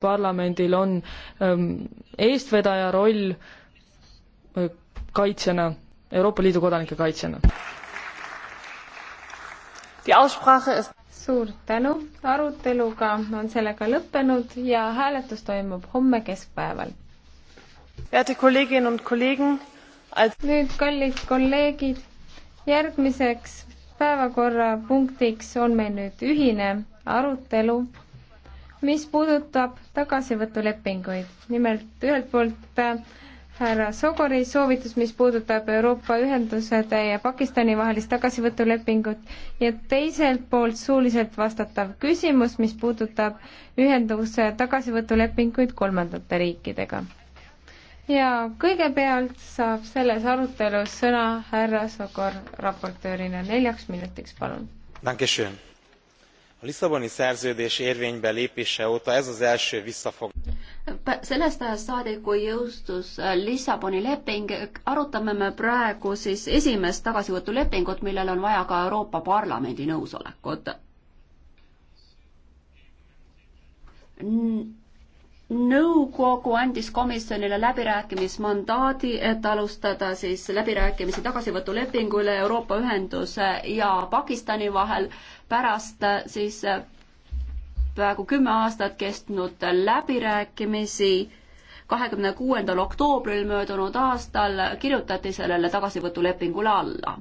parlamendil on ähm, eestvedaja roll äh, kaitsjana, Euroopa Liidu kodanike kaitsjana. suur tänu, aruteluga on sellega lõppenud ja hääletus toimub homme keskpäeval. nüüd, kallid kolleegid, järgmiseks päevakorrapunktiks on meil nüüd ühine arutelu mis puudutab tagasivõtulepinguid. nimelt ühelt poolt äh, härra Sogori soovitus, mis puudutab Euroopa Ühendusede ja Pakistani vahelist tagasivõtulepingut ja teiselt poolt suuliselt vastatav küsimus, mis puudutab ühenduse tagasivõtulepinguid kolmandate riikidega. ja kõigepealt saab selles arutelus sõna härra Sogor raportöörina neljaks minutiks, palun a lisszaboni szerződés érvénybe lépése óta ez az első visszafogott sellest ajast saadik, kui jõustus äh, Lissaboni leping, arutame me praegu siis esimest tagasivõtulepingut, millel on vaja ka Euroopa Parlamendi nõusolekut nõukogu andis komisjonile läbirääkimismandaadi, et alustada siis läbirääkimisi tagasivõtulepingu üle Euroopa Ühenduse ja Pakistani vahel pärast siis äh, peaaegu kümme aastat kestnud läbirääkimisi. kahekümne kuuendal oktoobril möödunud aastal kirjutati sellele tagasivõtulepingule alla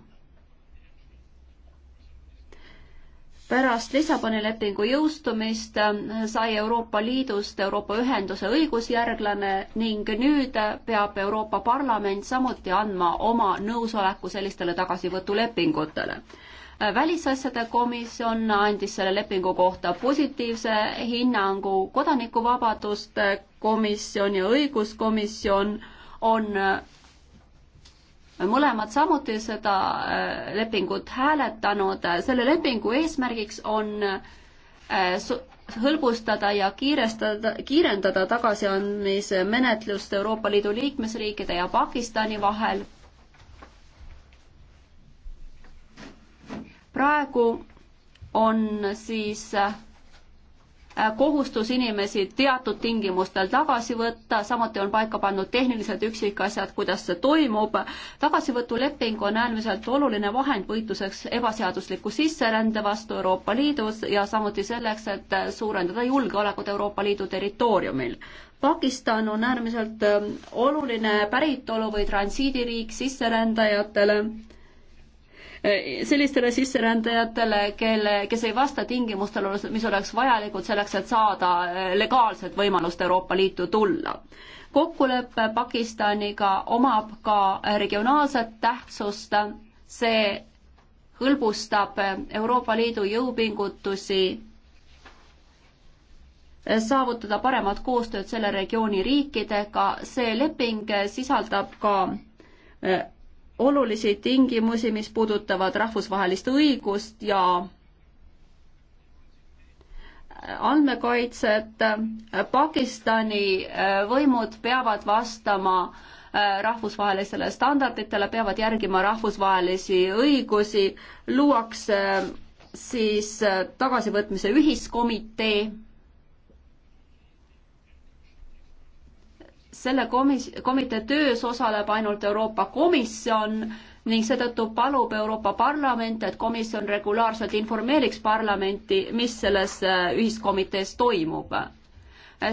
pärast Lissaboni lepingu jõustumist äh, sai Euroopa Liidust Euroopa Ühenduse õigusjärglane ning nüüd peab Euroopa Parlament samuti andma oma nõusoleku sellistele tagasivõtulepingutele. Äh, välisasjade komisjon andis selle lepingu kohta positiivse hinnangu, kodanikuvabaduste äh, komisjon ja õiguskomisjon on mõlemad samuti seda äh, lepingut hääletanud. selle lepingu eesmärgiks on äh, hõlbustada ja kiirestada, kiirendada tagasiandmise menetlust Euroopa Liidu liikmesriikide ja Pakistani vahel. praegu on siis äh, Äh, kohustus inimesi teatud tingimustel tagasi võtta, samuti on paika pannud tehnilised üksikasjad, kuidas see toimub. tagasivõtuleping on äärmiselt oluline vahend võitluseks ebaseadusliku sisserände vastu Euroopa Liidus ja samuti selleks, et äh, suurendada julgeolekut Euroopa Liidu territooriumil. Pakistan on äärmiselt äh, oluline päritolu või transiidiriik sisserändajatele sellistele sisserändajatele, kelle, kes ei vasta tingimustele, mis oleks vajalikud selleks, et saada äh, legaalset võimalust Euroopa Liitu tulla. kokkulepe Pakistaniga omab ka regionaalset tähtsust, see hõlbustab Euroopa Liidu jõupingutusi saavutada paremat koostööd selle regiooni riikidega, see leping sisaldab ka äh, olulisi tingimusi, mis puudutavad rahvusvahelist õigust ja andmekaitset. Pakistani äh, võimud peavad vastama äh, rahvusvahelistele standarditele, peavad järgima rahvusvahelisi õigusi, luuakse äh, siis tagasivõtmise ühiskomitee selle komis-, komitee töös osaleb ainult Euroopa Komisjon ning seetõttu palub Euroopa Parlament, et komisjon regulaarselt informeeriks parlamenti, mis selles äh, ühiskomitees toimub.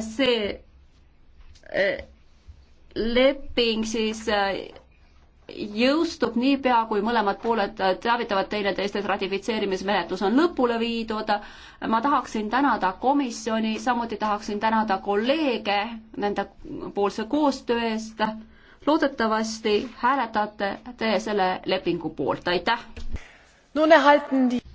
see äh, leping siis äh, jõustub niipea, kui mõlemad pooled teavitavad teineteist, et ratifitseerimismenetlus on lõpule viidud. ma tahaksin tänada komisjoni, samuti tahaksin tänada kolleege nende poolse koostöö eest. loodetavasti hääletate te selle lepingu poolt, aitäh!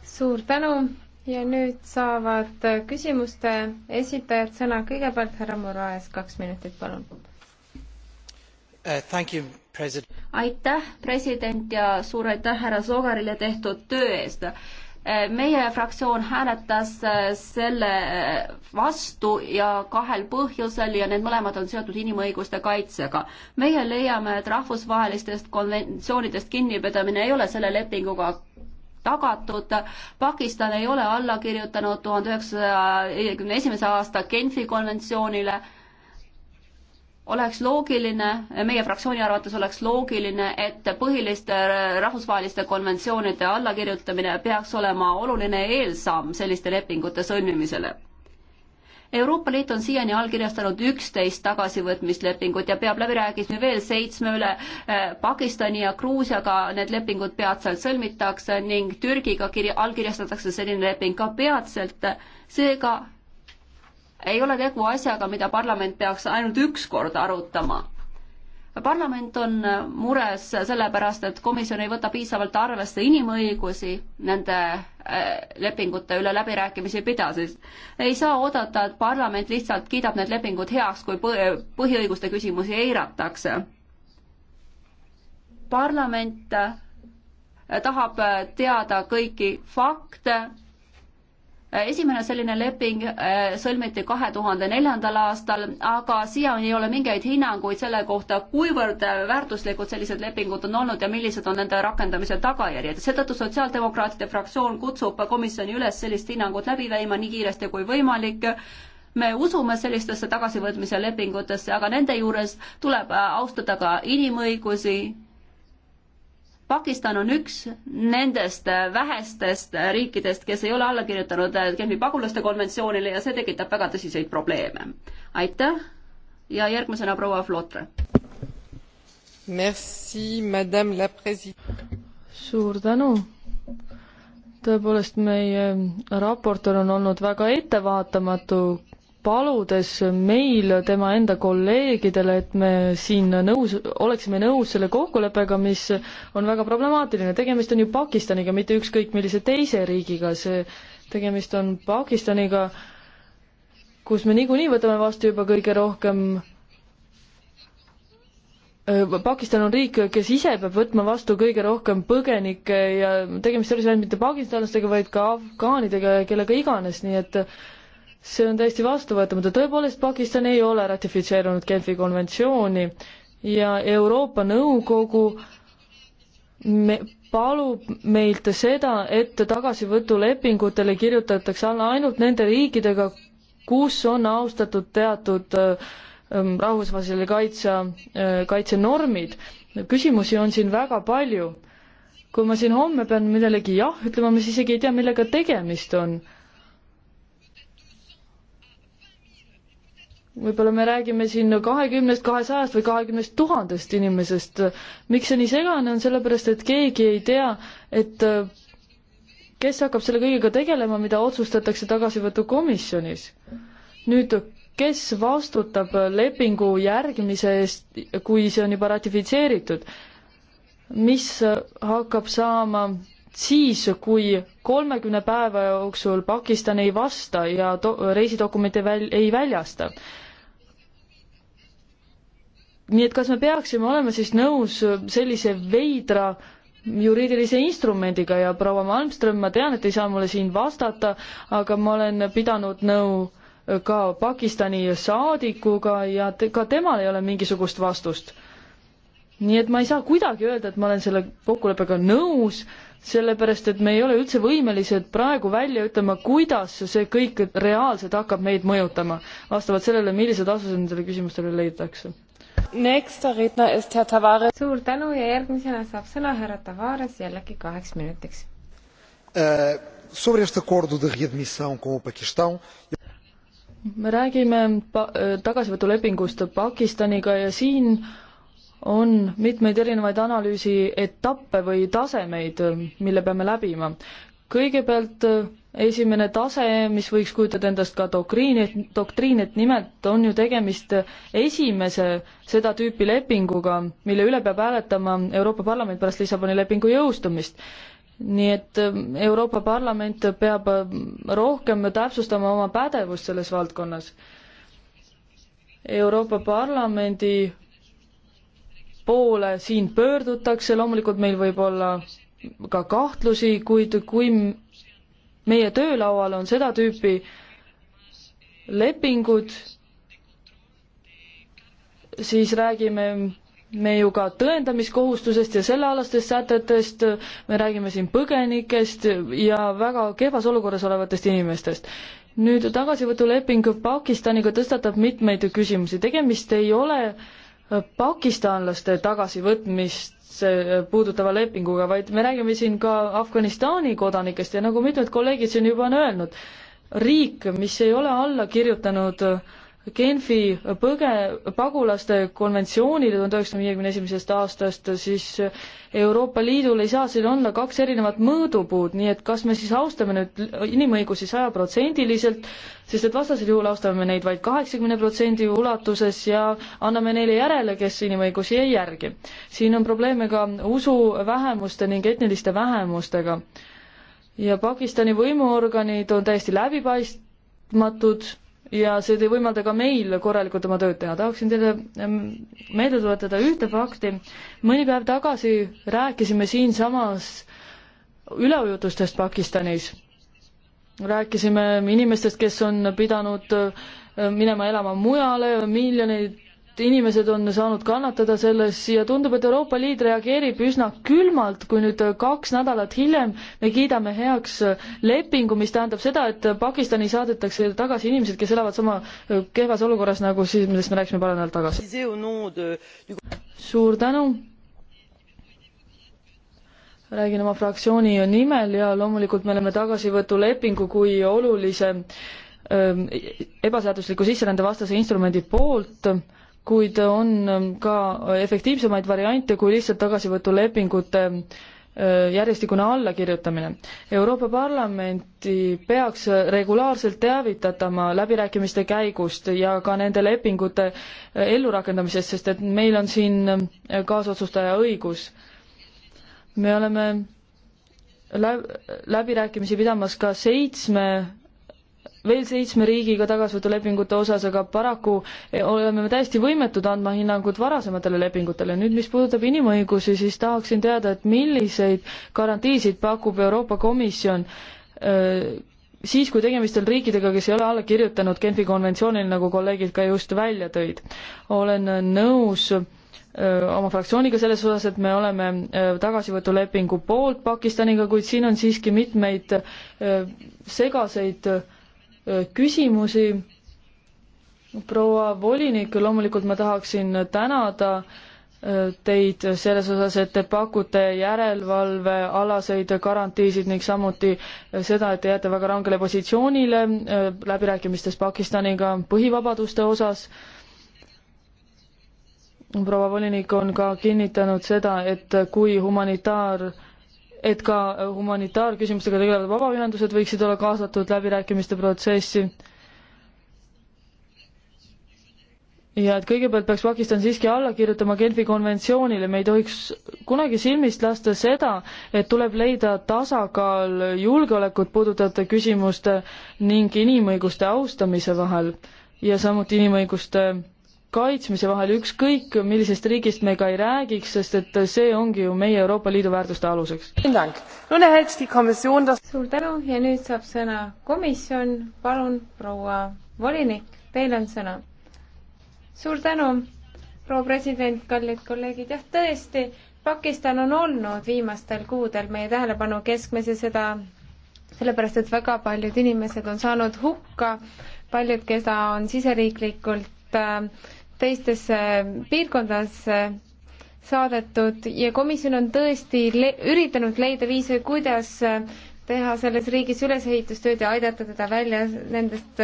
suur tänu ja nüüd saavad küsimuste esitajad sõna, kõigepealt härra Moraes, kaks minutit, palun uh,. Thank you aitäh, president ja suur aitäh härra Sogarile tehtud töö eest. meie fraktsioon hääletas selle vastu ja kahel põhjusel ja need mõlemad on seotud inimõiguste kaitsega. meie leiame, et rahvusvahelistest konventsioonidest kinnipidamine ei ole selle lepinguga tagatud. Pakistan ei ole alla kirjutanud tuhande üheksasaja viiekümne esimese aasta Genfi konventsioonile oleks loogiline, meie fraktsiooni arvates oleks loogiline, et põhiliste rahvusvaheliste konventsioonide allakirjutamine peaks olema oluline eelsamm selliste lepingute sõlmimisele. Euroopa Liit on siiani allkirjastanud üksteist tagasivõtmislepingut ja peab läbirääkimisi veel seitsme üle. Pakistani ja Gruusiaga need lepingud peatselt sõlmitakse ning Türgiga kirja, allkirjastatakse selline leping ka peatselt, seega ei ole tegu asjaga, mida parlament peaks ainult üks kord arutama. parlament on äh, mures sellepärast, et komisjon ei võta piisavalt arvesse inimõigusi nende äh, lepingute üle läbirääkimisi pidades. ei saa oodata, et parlament lihtsalt kiidab need lepingud heaks, kui põhiõiguste küsimusi eiratakse. parlament äh, tahab teada kõiki fakte Äh, esimene selline leping äh, sõlmiti kahe tuhande neljandal aastal, aga siiani ei ole mingeid hinnanguid selle kohta, kuivõrd äh, väärtuslikud sellised lepingud on olnud ja millised on nende rakendamise tagajärjed. seetõttu Sotsiaaldemokraatide fraktsioon kutsub komisjoni üles sellist hinnangut läbi viima nii kiiresti kui võimalik. me usume sellistesse tagasivõtmise lepingutesse, aga nende juures tuleb austada ka inimõigusi Pakistan on üks nendest vähestest riikidest, kes ei ole alla kirjutanud Genfi pagulaste konventsioonile ja see tekitab väga tõsiseid probleeme. aitäh ja järgmisena proua Flotre. Merci, madame la president. suur tänu. tõepoolest, meie raportöör on olnud väga ettevaatamatu paludes meil tema enda kolleegidele, et me siin nõus, oleksime nõus selle kokkuleppega, mis on väga problemaatiline, tegemist on ju Pakistaniga, mitte ükskõik millise teise riigiga, see, tegemist on Pakistaniga, kus me niikuinii võtame vastu juba kõige rohkem äh, Pakistan on riik, kes ise peab võtma vastu kõige rohkem põgenikke ja tegemist ei ole siis ainult mitte pakistanlastega, vaid ka afgaanidega ja kellega iganes, nii et äh, see on täiesti vastuvõetamatu, tõepoolest Pakistan ei ole ratifitseerunud Genfi konventsiooni ja Euroopa Nõukogu me palub meilt seda, et tagasivõtulepingutele kirjutatakse alla ainult nende riikidega, kus on austatud teatud ähm, rahvusvahelise kaitse, äh, kaitsenormid. küsimusi on siin väga palju. kui ma siin homme pean millelegi jah ütlema, ma siis isegi ei tea, millega tegemist on võib-olla me räägime siin kahekümnest, kahesajast või kahekümnest tuhandest inimesest. miks see nii segane on, sellepärast et keegi ei tea, et kes hakkab selle kõigega tegelema, mida otsustatakse tagasivõtukomisjonis. nüüd, kes vastutab lepingu järgimise eest, kui see on juba ratifitseeritud? mis hakkab saama siis, kui kolmekümne päeva jooksul Pakistan ei vasta ja to-, reisidokumente väl-, ei väljasta nii et kas me peaksime olema siis nõus sellise veidra juriidilise instrumendiga ja proua Malmström, ma tean, et ei saa mulle siin vastata, aga ma olen pidanud nõu ka Pakistani saadikuga ja te, ka temal ei ole mingisugust vastust. nii et ma ei saa kuidagi öelda, et ma olen selle kokkuleppega nõus, sellepärast et me ei ole üldse võimelised praegu välja ütlema, kuidas see kõik reaalselt hakkab meid mõjutama, vastavalt sellele, millised vastused nendele küsimustele leitakse suur tänu ja järgmisena saab sõna härra Tavares jällegi kaheks minutiks uh,. Sobre este acordo de readmissão com o Paquistão me räägime pa-, äh, tagasivõtulepingust Pakistaniga ja siin on mitmeid erinevaid analüüsi etappe või tasemeid, mille peame läbima kõigepealt äh, esimene tase, mis võiks kujutada endast ka doktriini, doktriin, et nimelt on ju tegemist esimese seda tüüpi lepinguga, mille üle peab hääletama Euroopa Parlament pärast Lissaboni lepingu jõustumist. nii et äh, Euroopa Parlament peab äh, rohkem täpsustama oma pädevust selles valdkonnas. Euroopa Parlamendi poole siin pöördutakse, loomulikult meil võib olla ka kahtlusi, kuid kui meie töölaual on seda tüüpi lepingud, siis räägime me ju ka tõendamiskohustusest ja sellealastest sätetest, me räägime siin põgenikest ja väga kehvas olukorras olevatest inimestest. nüüd tagasivõtuleping Pakistaniga tõstatab mitmeid küsimusi, tegemist ei ole pakistanlaste tagasivõtmist Äh, puudutava lepinguga, vaid me räägime siin ka Afganistani kodanikest ja nagu mitmed kolleegid siin juba on öelnud, riik, mis ei ole alla kirjutanud äh, Genfi põge-, pagulaste konventsioonile tuhande üheksasaja viiekümne esimesest aastast, siis Euroopa Liidul ei saa siin olla kaks erinevat mõõdupuud, nii et kas me siis austame nüüd inimõigusi sajaprotsendiliselt, sest et vastasel juhul austame neid vaid kaheksakümne protsendi ulatuses ja anname neile järele, kes inimõigusi ei järgi. siin on probleeme ka usuvähemuste ning etniliste vähemustega. ja Pakistani võimuorganid on täiesti läbipaistmatud ja see ei võimalda ka meil korralikult oma tööd teha. tahaksin teile meelde tuletada ühte fakti. mõni päev tagasi rääkisime siinsamas üleujutustest Pakistanis. rääkisime inimestest, kes on pidanud eh, minema elama mujale, miljoneid inimesed on saanud kannatada selles ja tundub, et Euroopa Liit reageerib üsna külmalt, kui nüüd kaks nädalat hiljem me kiidame heaks lepingu, mis tähendab seda, et Pakistani saadetakse tagasi inimesed, kes elavad sama kehvas olukorras nagu siis, millest me rääkisime paar nädalat tagasi. suur tänu! räägin oma fraktsiooni nimel ja loomulikult me oleme tagasivõtulepingu kui olulise ähm, ebaseadusliku sisserände vastase instrumendi poolt kuid on ka efektiivsemaid variante kui lihtsalt tagasivõtulepingute järjestikune allakirjutamine. Euroopa Parlamenti peaks regulaarselt teavitatama läbirääkimiste käigust ja ka nende lepingute ellurakendamisest, sest et meil on siin kaasotsustaja õigus. me oleme läb-, läbirääkimisi pidamas ka seitsme veel seitsme riigiga tagasivõtulepingute osas, aga paraku eh, oleme me täiesti võimetud andma hinnangut varasematele lepingutele. nüüd, mis puudutab inimõigusi, siis tahaksin teada, et milliseid garantiisid pakub Euroopa Komisjon eh, siis, kui tegemist on riikidega, kes ei ole alla kirjutanud Genfi konventsioonil, nagu kolleegid ka just välja tõid. olen eh, nõus oma fraktsiooniga selles osas, et me oleme tagasivõtulepingu poolt Pakistaniga, kuid siin on siiski mitmeid segaseid äh, küsimusi. proua volinik, loomulikult ma tahaksin tänada teid selles osas, et te pakute järelevalvealaseid garantiisid ning samuti seda, et te jääte väga rangele positsioonile läbirääkimistes Pakistaniga põhivabaduste osas proua volinik on ka kinnitanud seda, et kui humanitaar- et ka humanitaarküsimustega tegelevad vabaühendused võiksid olla kaasatud läbirääkimiste protsessi. ja et kõigepealt peaks Pakistan siiski alla kirjutama Genfi konventsioonile, me ei tohiks kunagi silmist lasta seda, et tuleb leida tasakaal julgeolekut puudutavate küsimuste ning inimõiguste austamise vahel ja samuti inimõiguste kaitsmise vahel, ükskõik millisest riigist me ka ei räägiks, sest et see ongi ju meie Euroopa Liidu väärtuste aluseks. suur tänu ja nüüd saab sõna komisjon, palun, proua volinik, teil on sõna. suur tänu, proua president, kallid kolleegid, jah, tõesti, Pakistan on olnud viimastel kuudel meie tähelepanu keskmes ja seda sellepärast, et väga paljud inimesed on saanud hukka, paljud, keda on siseriiklikult äh, teistesse äh, piirkondadesse äh, saadetud ja komisjon on tõesti le üritanud leida viise, kuidas äh, teha selles riigis ülesehitustööd ja aidata teda välja nendest,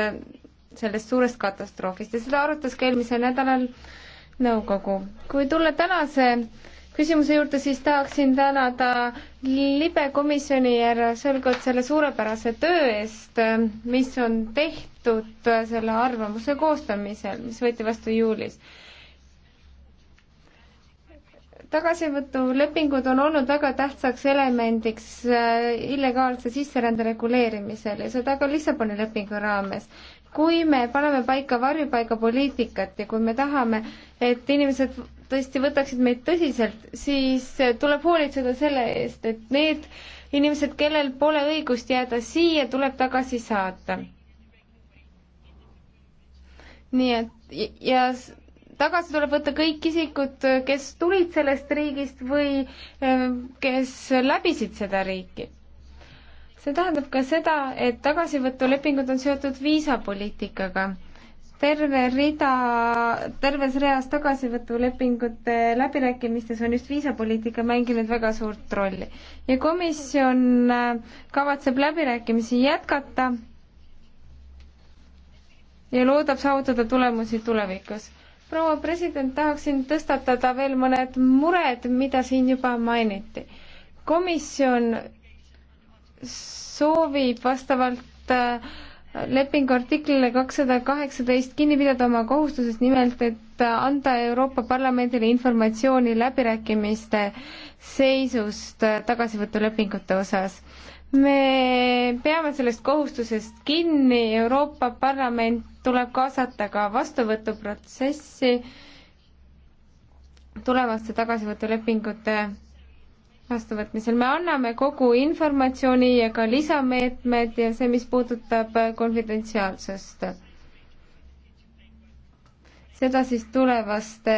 sellest suurest katastroofist ja seda arutas ka eelmisel nädalal nõukogu. kui tulla tänase küsimuse juurde, siis tahaksin tänada libe komisjoni härra Sõlgot selle suurepärase töö eest, mis on tehtud selle arvamuse koostamisel, mis võeti vastu juulis. tagasivõtulepingud on olnud väga tähtsaks elemendiks illegaalse sisserände reguleerimisel ja seda ka Lissaboni lepingu raames kui me paneme paika varjupaigapoliitikat ja kui me tahame, et inimesed tõesti võtaksid meid tõsiselt, siis tuleb hoolitseda selle eest, et need inimesed, kellel pole õigust jääda siia, tuleb tagasi saata. nii et ja tagasi tuleb võtta kõik isikud, kes tulid sellest riigist või ähm, kes läbisid seda riiki. see tähendab ka seda, et tagasivõtulepingud on seotud viisapoliitikaga terve rida, terves reas tagasivõtulepingute läbirääkimistes on just viisapoliitika mänginud väga suurt rolli. ja komisjon äh, kavatseb läbirääkimisi jätkata ja loodab saavutada tulemusi tulevikus. proua president, tahaksin tõstatada veel mõned mured, mida siin juba mainiti. komisjon soovib vastavalt äh, lepingu artiklile kakssada kaheksateist kinni pidada oma kohustusest, nimelt et anda Euroopa Parlamendile informatsiooni läbirääkimiste seisust tagasivõtulepingute osas. me peame sellest kohustusest kinni, Euroopa Parlament tuleb kaasata ka vastuvõtuprotsessi tulevaste tagasivõtulepingute vastuvõtmisel. me anname kogu informatsiooni ja ka lisameetmed ja see, mis puudutab äh, konfidentsiaalsust. seda siis tulevaste,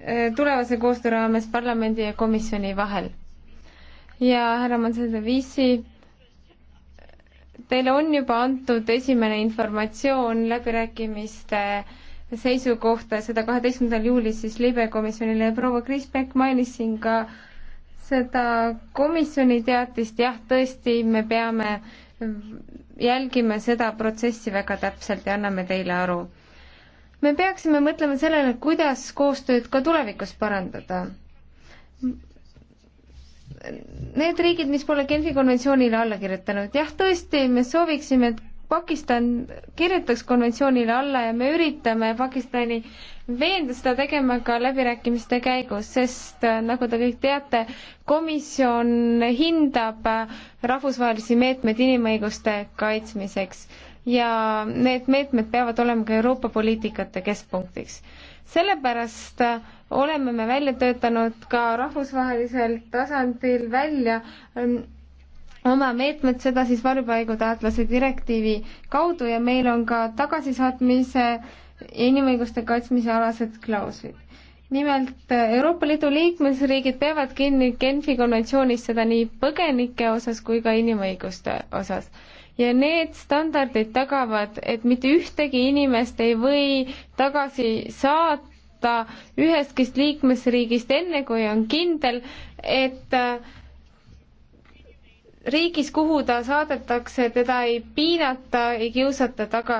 äh, tulevase koostöö raames parlamendi ja komisjoni vahel. ja härra Mansedovici, teile on juba antud esimene informatsioon läbirääkimiste äh, seisukohta, seda kaheteistkümnendal juulil siis libekomisjonile ja proua Kriis Pekk mainis siin ka seda komisjoni teatist, jah, tõesti, me peame jälgime seda protsessi väga täpselt ja anname teile aru. me peaksime mõtlema sellele, kuidas koostööd ka tulevikus parandada. Need riigid, mis pole Genfi konventsioonile alla kirjutanud, jah, tõesti, me sooviksime, et Pakistan kirjutaks konventsioonile alla ja me üritame Pakistani veenda seda tegema ka läbirääkimiste käigus, sest äh, nagu te kõik teate, komisjon hindab äh, rahvusvahelisi meetmeid inimõiguste kaitsmiseks ja need meetmed peavad olema ka Euroopa poliitikate keskpunktiks. sellepärast äh, oleme me välja töötanud ka rahvusvahelisel tasandil välja ähm, oma meetmed, seda siis varjupaigutaotluse direktiivi kaudu ja meil on ka tagasisaatmise ja inimõiguste kaitsmise alased klauslid. nimelt Euroopa Liidu liikmesriigid peavad kinni Genfi konventsioonis seda nii põgenike osas kui ka inimõiguste osas. ja need standardid tagavad, et mitte ühtegi inimest ei või tagasi saata ühestki liikmesriigist enne, kui on kindel, et äh, riigis, kuhu ta saadetakse, teda ei piinata, ei kiusata taga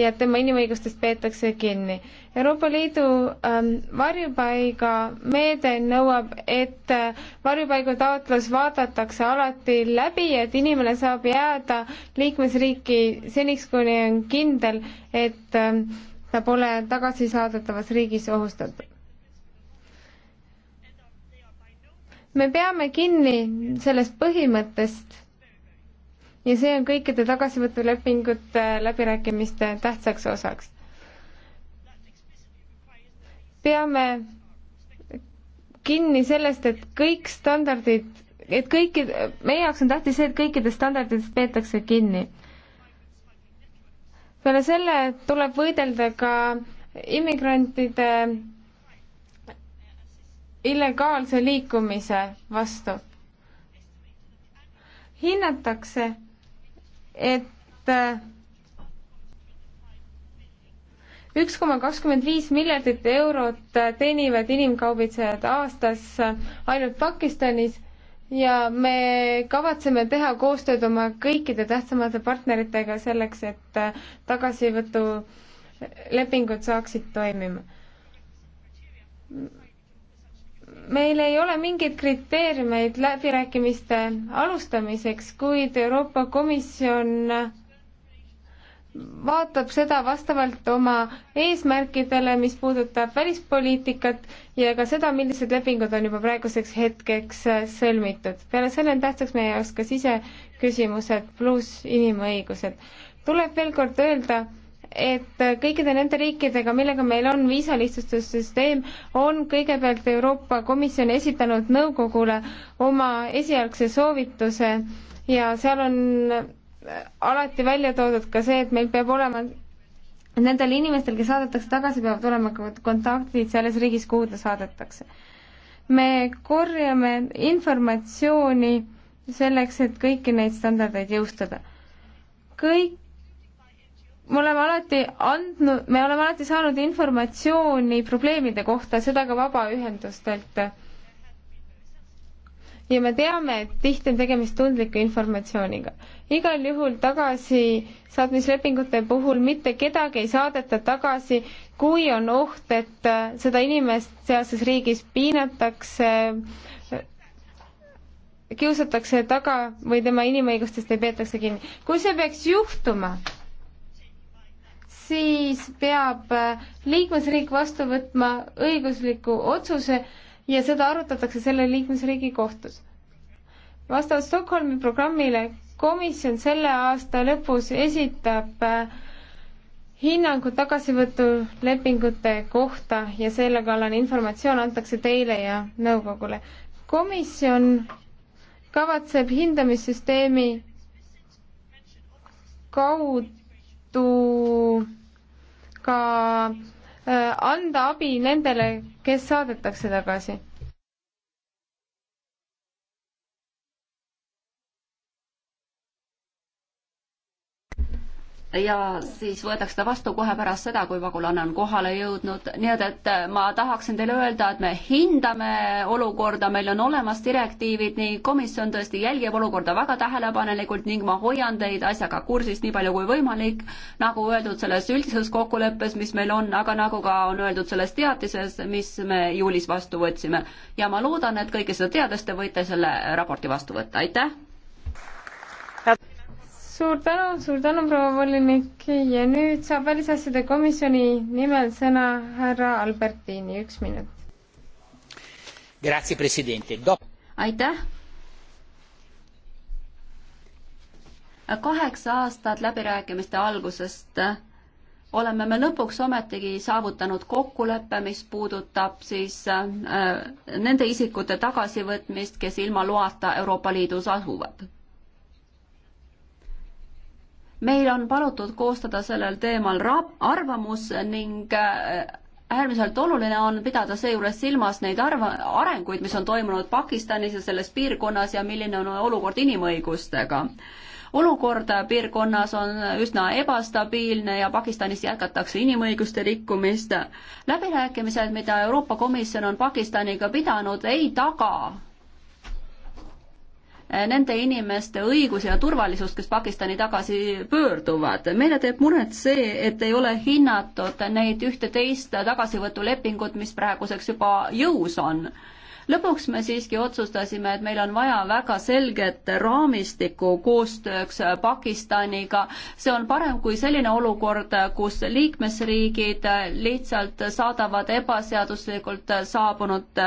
ja tema inimõigustest peetakse kinni. Euroopa Liidu ähm, varjupaigameede nõuab, et äh, varjupaigataotlus vaadatakse alati läbi, et inimene saab jääda liikmesriiki seniks, kuni on kindel, et ähm, ta pole tagasisaadetavas riigis ohustatud me peame kinni sellest põhimõttest ja see on kõikide tagasivõtulepingute läbirääkimiste tähtsaks osaks. peame kinni sellest, et kõik standardid, et kõikid, meie jaoks on tähtis see, et kõikidest standarditest peetakse kinni. peale selle tuleb võidelda ka immigrantide illegaalse liikumise vastu. hinnatakse, et äh, üks koma kakskümmend viis miljardit eurot äh, teenivad inimkaubitsejad aastas äh, ainult Pakistanis ja me kavatseme teha koostööd oma kõikide tähtsamate partneritega selleks, et tagasivõtulepingud saaksid toimima meil ei ole mingeid kriteeriumeid läbirääkimiste alustamiseks, kuid Euroopa Komisjon vaatab seda vastavalt oma eesmärkidele, mis puudutab välispoliitikat ja ka seda, millised lepingud on juba praeguseks hetkeks sõlmitud. peale selle on tähtsaks meie jaoks ka siseküsimused pluss inimõigused. tuleb veel kord öelda, et kõikide nende riikidega, millega meil on viisalihtsustussüsteem, on kõigepealt Euroopa Komisjon esitanud nõukogule oma esialgse soovituse ja seal on alati välja toodud ka see, et meil peab olema Nendel inimestel, kes saadetakse tagasi, peavad olema ka kontaktid selles riigis, kuhu ta saadetakse. me korjame informatsiooni selleks, et kõiki neid standardeid jõustada. kõik me oleme alati andnud, me oleme alati saanud informatsiooni probleemide kohta, seda ka vabaühendustelt. ja me teame, et tihti on tegemist tundliku informatsiooniga. igal juhul tagasisaatmislepingute puhul mitte kedagi ei saadeta tagasi, kui on oht, et äh, seda inimest sealses riigis piinatakse, kiusatakse taga või tema inimõigustest ei peetakse kinni. kui see peaks juhtuma, siis peab äh, liikmesriik vastu võtma õigusliku otsuse ja seda arutatakse selle liikmesriigi kohtus. vastavalt Stockholmi programmile komisjon selle aasta lõpus esitab äh, hinnangu tagasivõtulepingute kohta ja sellealane informatsioon antakse teile ja nõukogule. komisjon kavatseb hindamissüsteemi kaudu vastu ka äh, anda abi nendele, kes saadetakse tagasi ja siis võetakse ta vastu kohe pärast seda, kui pagulanne on kohale jõudnud, nii et, et äh, ma tahaksin teile öelda, et me hindame olukorda, meil on olemas direktiivid, nii komisjon tõesti jälgib olukorda väga tähelepanelikult ning ma hoian teid asjaga kursis nii palju kui võimalik, nagu öeldud selles üldises kokkuleppes, mis meil on, aga nagu ka on öeldud selles teatises, mis me juulis vastu võtsime. ja ma loodan, et kõike seda teades te võite selle raporti vastu võtta, aitäh! suur tänu, suur tänu, proua volinik ja nüüd saab välisasjade komisjoni nimel sõna härra Albertini, üks minut. aitäh. kaheksa aastat läbirääkimiste algusest oleme me lõpuks ometigi saavutanud kokkuleppe, mis puudutab siis äh, nende isikute tagasivõtmist, kes ilma loata Euroopa Liidus asuvad meil on palutud koostada sellel teemal arvamus ning äh, äärmiselt oluline on pidada seejuures silmas neid arva, arenguid, mis on toimunud Pakistanis ja selles piirkonnas ja milline on olukord inimõigustega. olukord piirkonnas on üsna ebastabiilne ja Pakistanis jätkatakse inimõiguste rikkumist. läbirääkimised, mida Euroopa Komisjon on Pakistaniga pidanud, ei taga Äh, nende inimeste õigusi ja turvalisust, kes Pakistani tagasi pöörduvad. meile teeb muret see, et ei ole hinnatud neid ühte-teist tagasivõtulepingut, mis praeguseks juba jõus on. lõpuks me siiski otsustasime, et meil on vaja väga selget raamistikku koostööks Pakistaniga. see on parem kui selline olukord, kus liikmesriigid lihtsalt saadavad ebaseaduslikult saabunud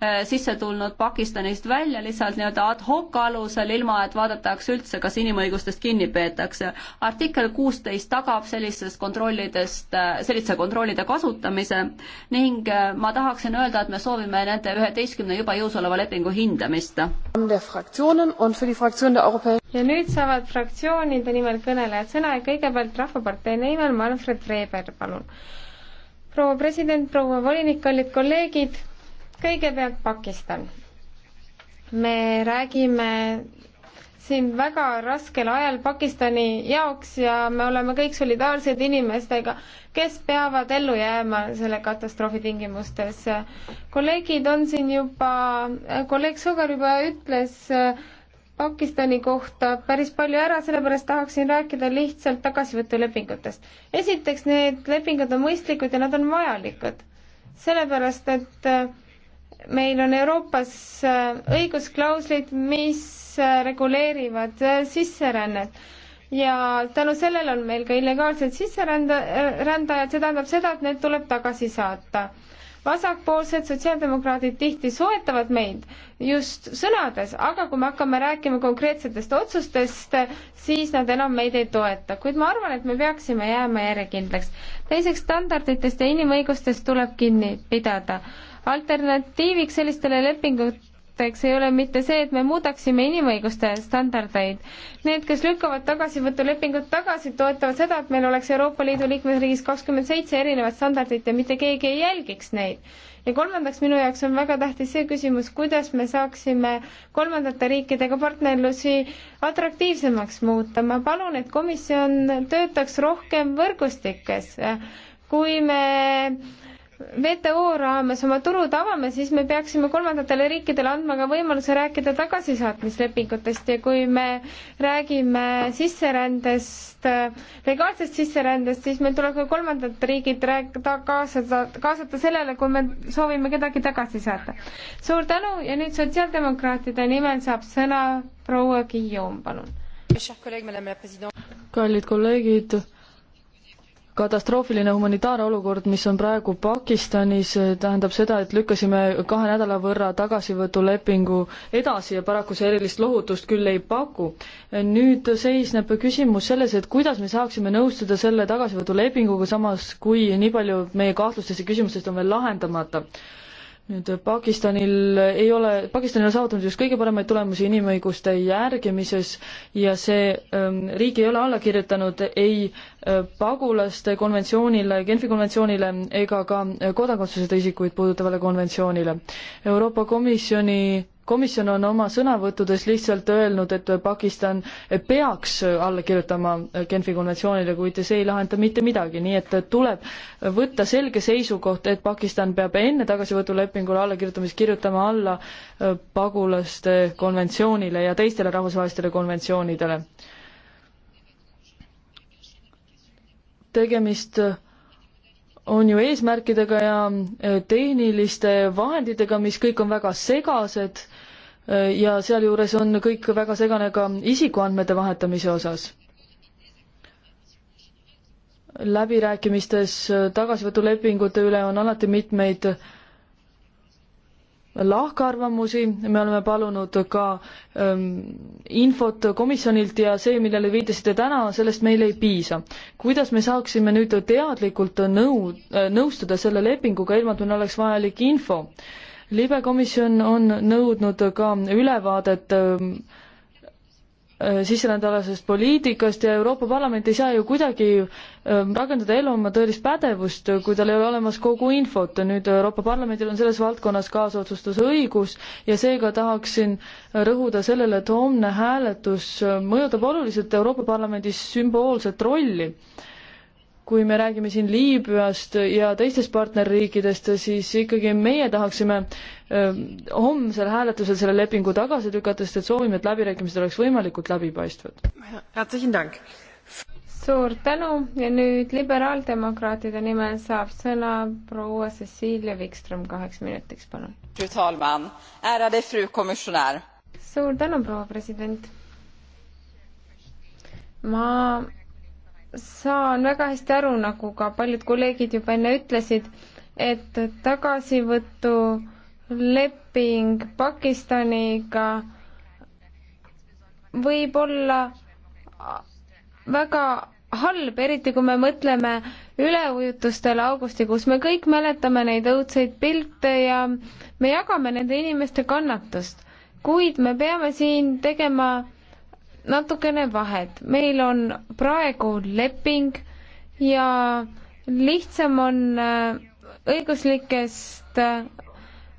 Äh, sisse tulnud Pakistanist välja lihtsalt nii-öelda ad hoc alusel, ilma et vaadatakse üldse, kas inimõigustest kinni peetakse. artikkel kuusteist tagab sellistest kontrollidest, äh, selliste kontrollide kasutamise ning äh, ma tahaksin öelda, et me soovime nende üheteistkümne juba jõus oleva lepingu hindamist. ja nüüd saavad fraktsioonide nimel kõnelejad sõna ja kõigepealt Rahvapartei nimel Manfred Weber, palun. proua president, proua volinik, kallid kolleegid kõigepealt Pakistan. me räägime siin väga raskel ajal Pakistani jaoks ja me oleme kõik solidaarsed inimestega, kes peavad ellu jääma selle katastroofi tingimustes. kolleegid on siin juba, kolleeg Sugar juba ütles äh, Pakistani kohta päris palju ära, sellepärast tahaksin rääkida lihtsalt tagasivõtulepingutest. esiteks, need lepingud on mõistlikud ja nad on vajalikud, sellepärast et äh, meil on Euroopas äh, õigusklauslid, mis äh, reguleerivad äh, sisserännet ja tänu sellele on meil ka illegaalsed sisserändajad, see tähendab seda, et need tuleb tagasi saata. vasakpoolsed sotsiaaldemokraadid tihti soetavad meid just sõnades, aga kui me hakkame rääkima konkreetsetest otsustest, siis nad enam meid ei toeta, kuid ma arvan, et me peaksime jääma järjekindlaks. teiseks, standarditest ja inimõigustest tuleb kinni pidada alternatiiviks sellistele lepinguteks ei ole mitte see, et me muudaksime inimõiguste standardeid. Need, kes lükkavad tagasivõtulepingut tagasi, toetavad seda, et meil oleks Euroopa Liidu liikmesriigis kakskümmend seitse erinevat standardit ja mitte keegi ei jälgiks neid. ja kolmandaks, minu jaoks on väga tähtis see küsimus, kuidas me saaksime kolmandate riikidega partnerlusi atraktiivsemaks muuta. ma palun, et komisjon töötaks rohkem võrgustikes kui me WTO raames oma turud avame, siis me peaksime kolmandatele riikidele andma ka võimaluse rääkida tagasisaatmislepingutest ja kui me räägime sisserändest, legaalsest sisserändest, siis meil tuleb ka kolmandad riigid rääk-, kaasata, kaasata sellele, kui me soovime kedagi tagasi saata. suur tänu ja nüüd sotsiaaldemokraatide nimel saab sõna proua Guillaume, palun. kallid kolleegid katastroofiline humanitaarolukord, mis on praegu Pakistanis, tähendab seda, et lükkasime kahe nädala võrra tagasivõtulepingu edasi ja paraku see erilist lohutust küll ei paku. nüüd seisneb küsimus selles, et kuidas me saaksime nõustuda selle tagasivõtulepinguga, samas kui nii palju meie kahtlustest ja küsimustest on veel lahendamata nüüd Pakistanil ei ole, Pakistan ei ole saavutanud just kõige paremaid tulemusi inimõiguste järgimises ja see ähm, riik ei ole alla kirjutanud ei äh, pagulaste konventsioonile, Genfi konventsioonile ega ka kodakondsuseta isikuid puudutavale konventsioonile. Euroopa Komisjoni komisjon on oma sõnavõttudes lihtsalt öelnud, et Pakistan peaks alla kirjutama Genfi konventsioonile, kuid see ei lahenda mitte midagi, nii et tuleb võtta selge seisukoht, et Pakistan peab enne tagasivõtulepingule allakirjutamist kirjutama alla pagulaste konventsioonile ja teistele rahvusvahelistele konventsioonidele. tegemist on ju eesmärkidega ja tehniliste vahenditega, mis kõik on väga segased ja sealjuures on kõik väga segane ka isikuandmete vahetamise osas. läbirääkimistes tagasivõtulepingute üle on alati mitmeid lahkarvamusi, me oleme palunud ka ähm, infot komisjonilt ja see, millele viitasite täna, sellest meile ei piisa. kuidas me saaksime nüüd teadlikult nõu äh,, nõustuda selle lepinguga, ilma et meil oleks vajalik info äh,? libekomisjon on nõudnud ka ülevaadet äh, sisserändealasest poliitikast ja Euroopa Parlament ei saa ju kuidagi äh, rakendada ellu oma tõelist pädevust, kui tal ei ole olemas kogu infot. nüüd Euroopa Parlamendil on selles valdkonnas kaasotsustusõigus ja seega tahaksin rõhuda sellele, et homne hääletus äh, mõjutab oluliselt Euroopa Parlamendis sümboolset rolli kui me räägime siin Liibüast ja teistest partnerriikidest, siis ikkagi meie tahaksime homsel hääletusel selle lepingu tagasi lükata, sest et soovime, et läbirääkimised oleks võimalikult läbipaistvad. suur tänu ja nüüd liberaaldemokraatide nimel saab sõna proua Cecilia Wikström kaheks minutiks, palun. suur tänu, proua president. ma saan väga hästi aru, nagu ka paljud kolleegid juba enne ütlesid, et tagasivõtuleping Pakistaniga võib olla väga halb, eriti kui me mõtleme üleujutustele augustikuus. me kõik mäletame neid õudseid pilte ja me jagame nende inimeste kannatust, kuid me peame siin tegema natukene vahet. meil on praegu leping ja lihtsam on äh, õiguslikest äh,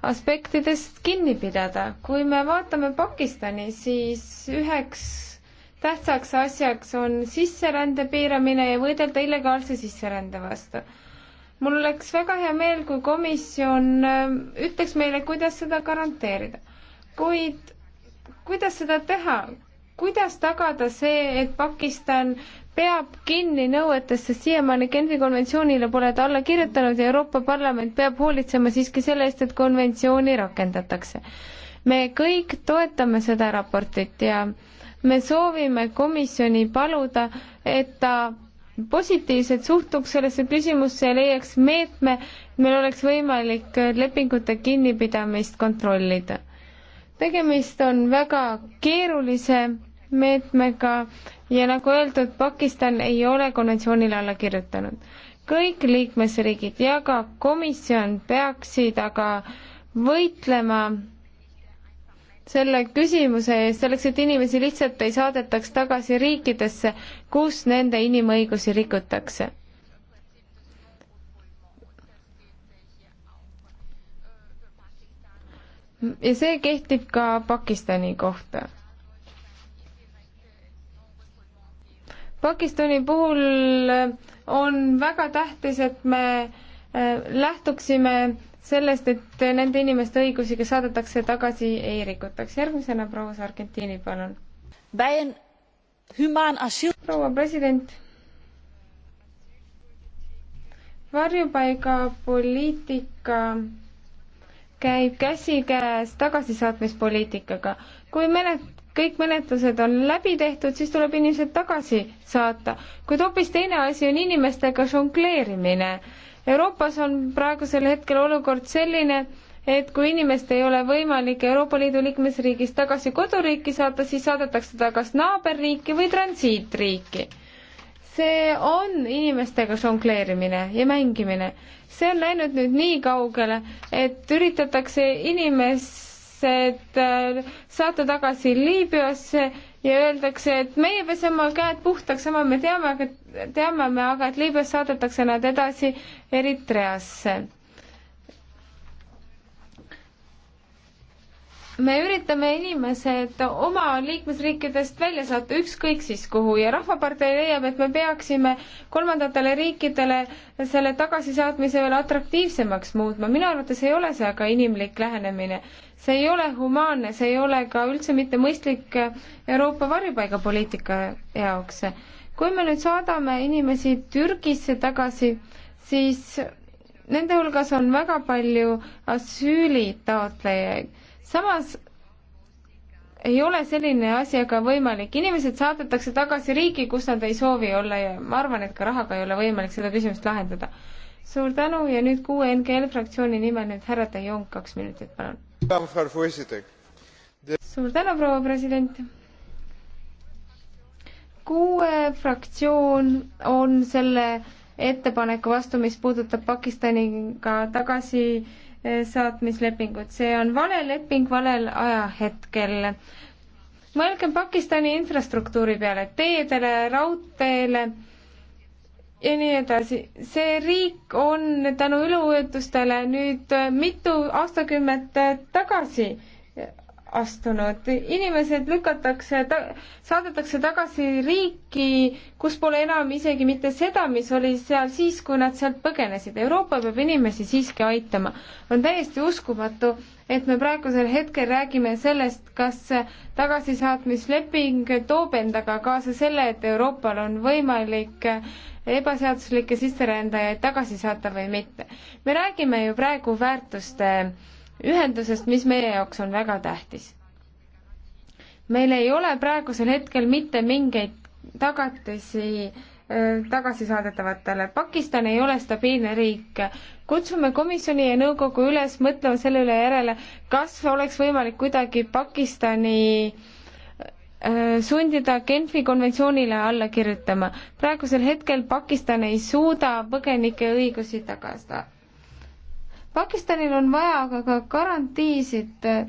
aspektidest kinni pidada. kui me vaatame Pakistani, siis üheks tähtsaks asjaks on sisserände piiramine ja võidelda illegaalse sisserände vastu. mul oleks väga hea meel, kui komisjon äh, ütleks meile, kuidas seda garanteerida. kuid kuidas seda teha, kuidas tagada see, et Pakistan peab kinni nõuetest, sest siiamaani Genfi konventsioonile pole ta alla kirjutanud ja Euroopa Parlament peab hoolitsema siiski selle eest, et konventsiooni rakendatakse. me kõik toetame seda raportit ja me soovime komisjoni paluda, et ta positiivselt suhtuks sellesse küsimusse ja leiaks meetme, et meil oleks võimalik lepingute kinnipidamist kontrollida. tegemist on väga keerulise meetmega ja nagu öeldud, Pakistan ei ole konventsioonile alla kirjutanud. kõik liikmesriigid ja ka komisjon peaksid aga võitlema selle küsimuse eest, selleks et inimesi lihtsalt ei saadetaks tagasi riikidesse, kus nende inimõigusi rikutakse ja see kehtib ka Pakistani kohta. Pakistani puhul äh, on väga tähtis, et me äh, lähtuksime sellest, et nende inimeste õigusi, kes saadetakse tagasi, ei rikutaks. järgmisena proua Sargentini, palun. proua president. varjupaigapoliitika käib käsikäes tagasisaatmispoliitikaga. kui menet-, kõik menetlused on läbi tehtud, siis tuleb inimesed tagasi saata. kuid hoopis teine asi on inimestega žongleerimine. Euroopas on praegusel hetkel olukord selline, et kui inimest ei ole võimalik Euroopa Liidu liikmesriigist tagasi koduriiki saata, siis saadetakse ta kas naaberriiki või transiitriiki. see on inimestega žongleerimine ja mängimine. see on läinud nüüd nii kaugele, et üritatakse inimest et äh, saata tagasi Liibüasse ja öeldakse, et meie peseme käed puhtaks, sama me teame, aga teame me aga, et Liibüas saadetakse nad edasi Eritreasse me üritame inimesed oma liikmesriikidest välja saata, ükskõik siis kuhu, ja Rahvapartei leiab, et me peaksime kolmandatele riikidele selle tagasisaatmise veel atraktiivsemaks muutma. minu arvates ei ole see aga inimlik lähenemine. see ei ole humaanne, see ei ole ka üldse mitte mõistlik Euroopa varjupaigapoliitika jaoks. kui me nüüd saadame inimesi Türgisse tagasi, siis nende hulgas on väga palju asüülitaotlejaid samas ei ole selline asi aga võimalik, inimesed saadetakse tagasi riiki, kus nad ei soovi olla ja ma arvan, et ka rahaga ei ole võimalik seda küsimust lahendada. suur tänu ja nüüd kuue NGL fraktsiooni nimel nüüd härra De Jong, kaks minutit, palun. suur tänu, proua president kuue fraktsioon on selle ettepaneku vastu, mis puudutab Pakistaniga tagasi saatmislepingut, see on vale leping valel ajahetkel. mõelgem Pakistani infrastruktuuri peale, teedele, raudteele ja nii edasi. see riik on tänu üleujutustele nüüd mitu aastakümmet tagasi astunud. inimesed lükatakse ta,, saadetakse tagasi riiki, kus pole enam isegi mitte seda, mis oli seal siis, kui nad sealt põgenesid. Euroopa peab inimesi siiski aitama. on täiesti uskumatu, et me praegusel hetkel räägime sellest, kas tagasisaatmisleping toob endaga kaasa selle, et Euroopal on võimalik ebaseaduslikke sisserändajaid tagasi saata või mitte. me räägime ju praegu väärtuste äh, ühendusest, mis meie jaoks on väga tähtis. meil ei ole praegusel hetkel mitte mingeid tagatisi äh, tagasi saadetavatele. Pakistan ei ole stabiilne riik. kutsume komisjoni ja nõukogu üles mõtlema selle üle järele, kas oleks võimalik kuidagi Pakistani äh, sundida Genfi konventsioonile alla kirjutama. praegusel hetkel Pakistan ei suuda põgenike õigusi tagada Pakistanil on vaja aga ka garantiisid äh,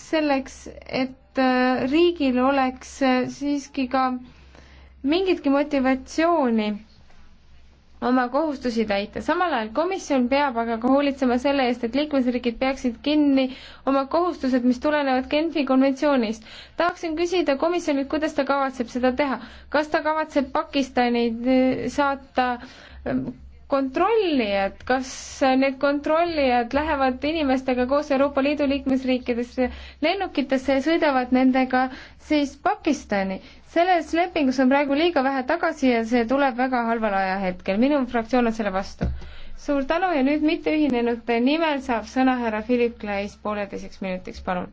selleks, et äh, riigil oleks äh, siiski ka mingitki motivatsiooni oma kohustusi täita. samal ajal komisjon peab aga ka hoolitsema selle eest, et liikmesriigid peaksid kinni oma kohustused, mis tulenevad Genfi konventsioonist. tahaksin küsida komisjonilt, kuidas ta kavatseb seda teha. kas ta kavatseb Pakistani saata ähm, kontrollijad, kas need kontrollijad lähevad inimestega koos Euroopa Liidu liikmesriikidesse lennukitesse ja sõidavad nendega siis Pakistani? selles lepingus on praegu liiga vähe tagasi ja see tuleb väga halval ajahetkel, minu fraktsioon on selle vastu. suur tänu ja nüüd mitteühinenute nimel saab sõna härra Philip Claes pooleteiseks minutiks, palun.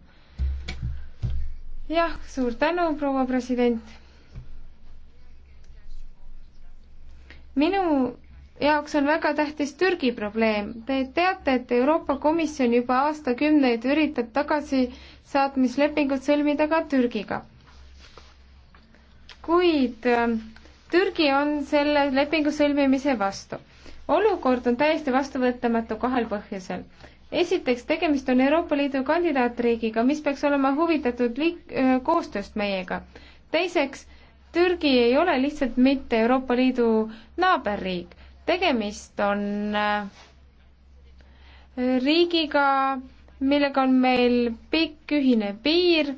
jah, suur tänu, proua president. minu jaoks on väga tähtis Türgi probleem. Te teate, et Euroopa Komisjon juba aastakümneid üritab tagasisaatmislepingut sõlmida ka Türgiga. kuid äh, Türgi on selle lepingu sõlmimise vastu. olukord on täiesti vastuvõtmatu kahel põhjusel. esiteks, tegemist on Euroopa Liidu kandidaatriigiga, mis peaks olema huvitatud liik-, äh, koostööst meiega. teiseks, Türgi ei ole lihtsalt mitte Euroopa Liidu naaberriik tegemist on äh, riigiga, millega on meil pikk ühine piir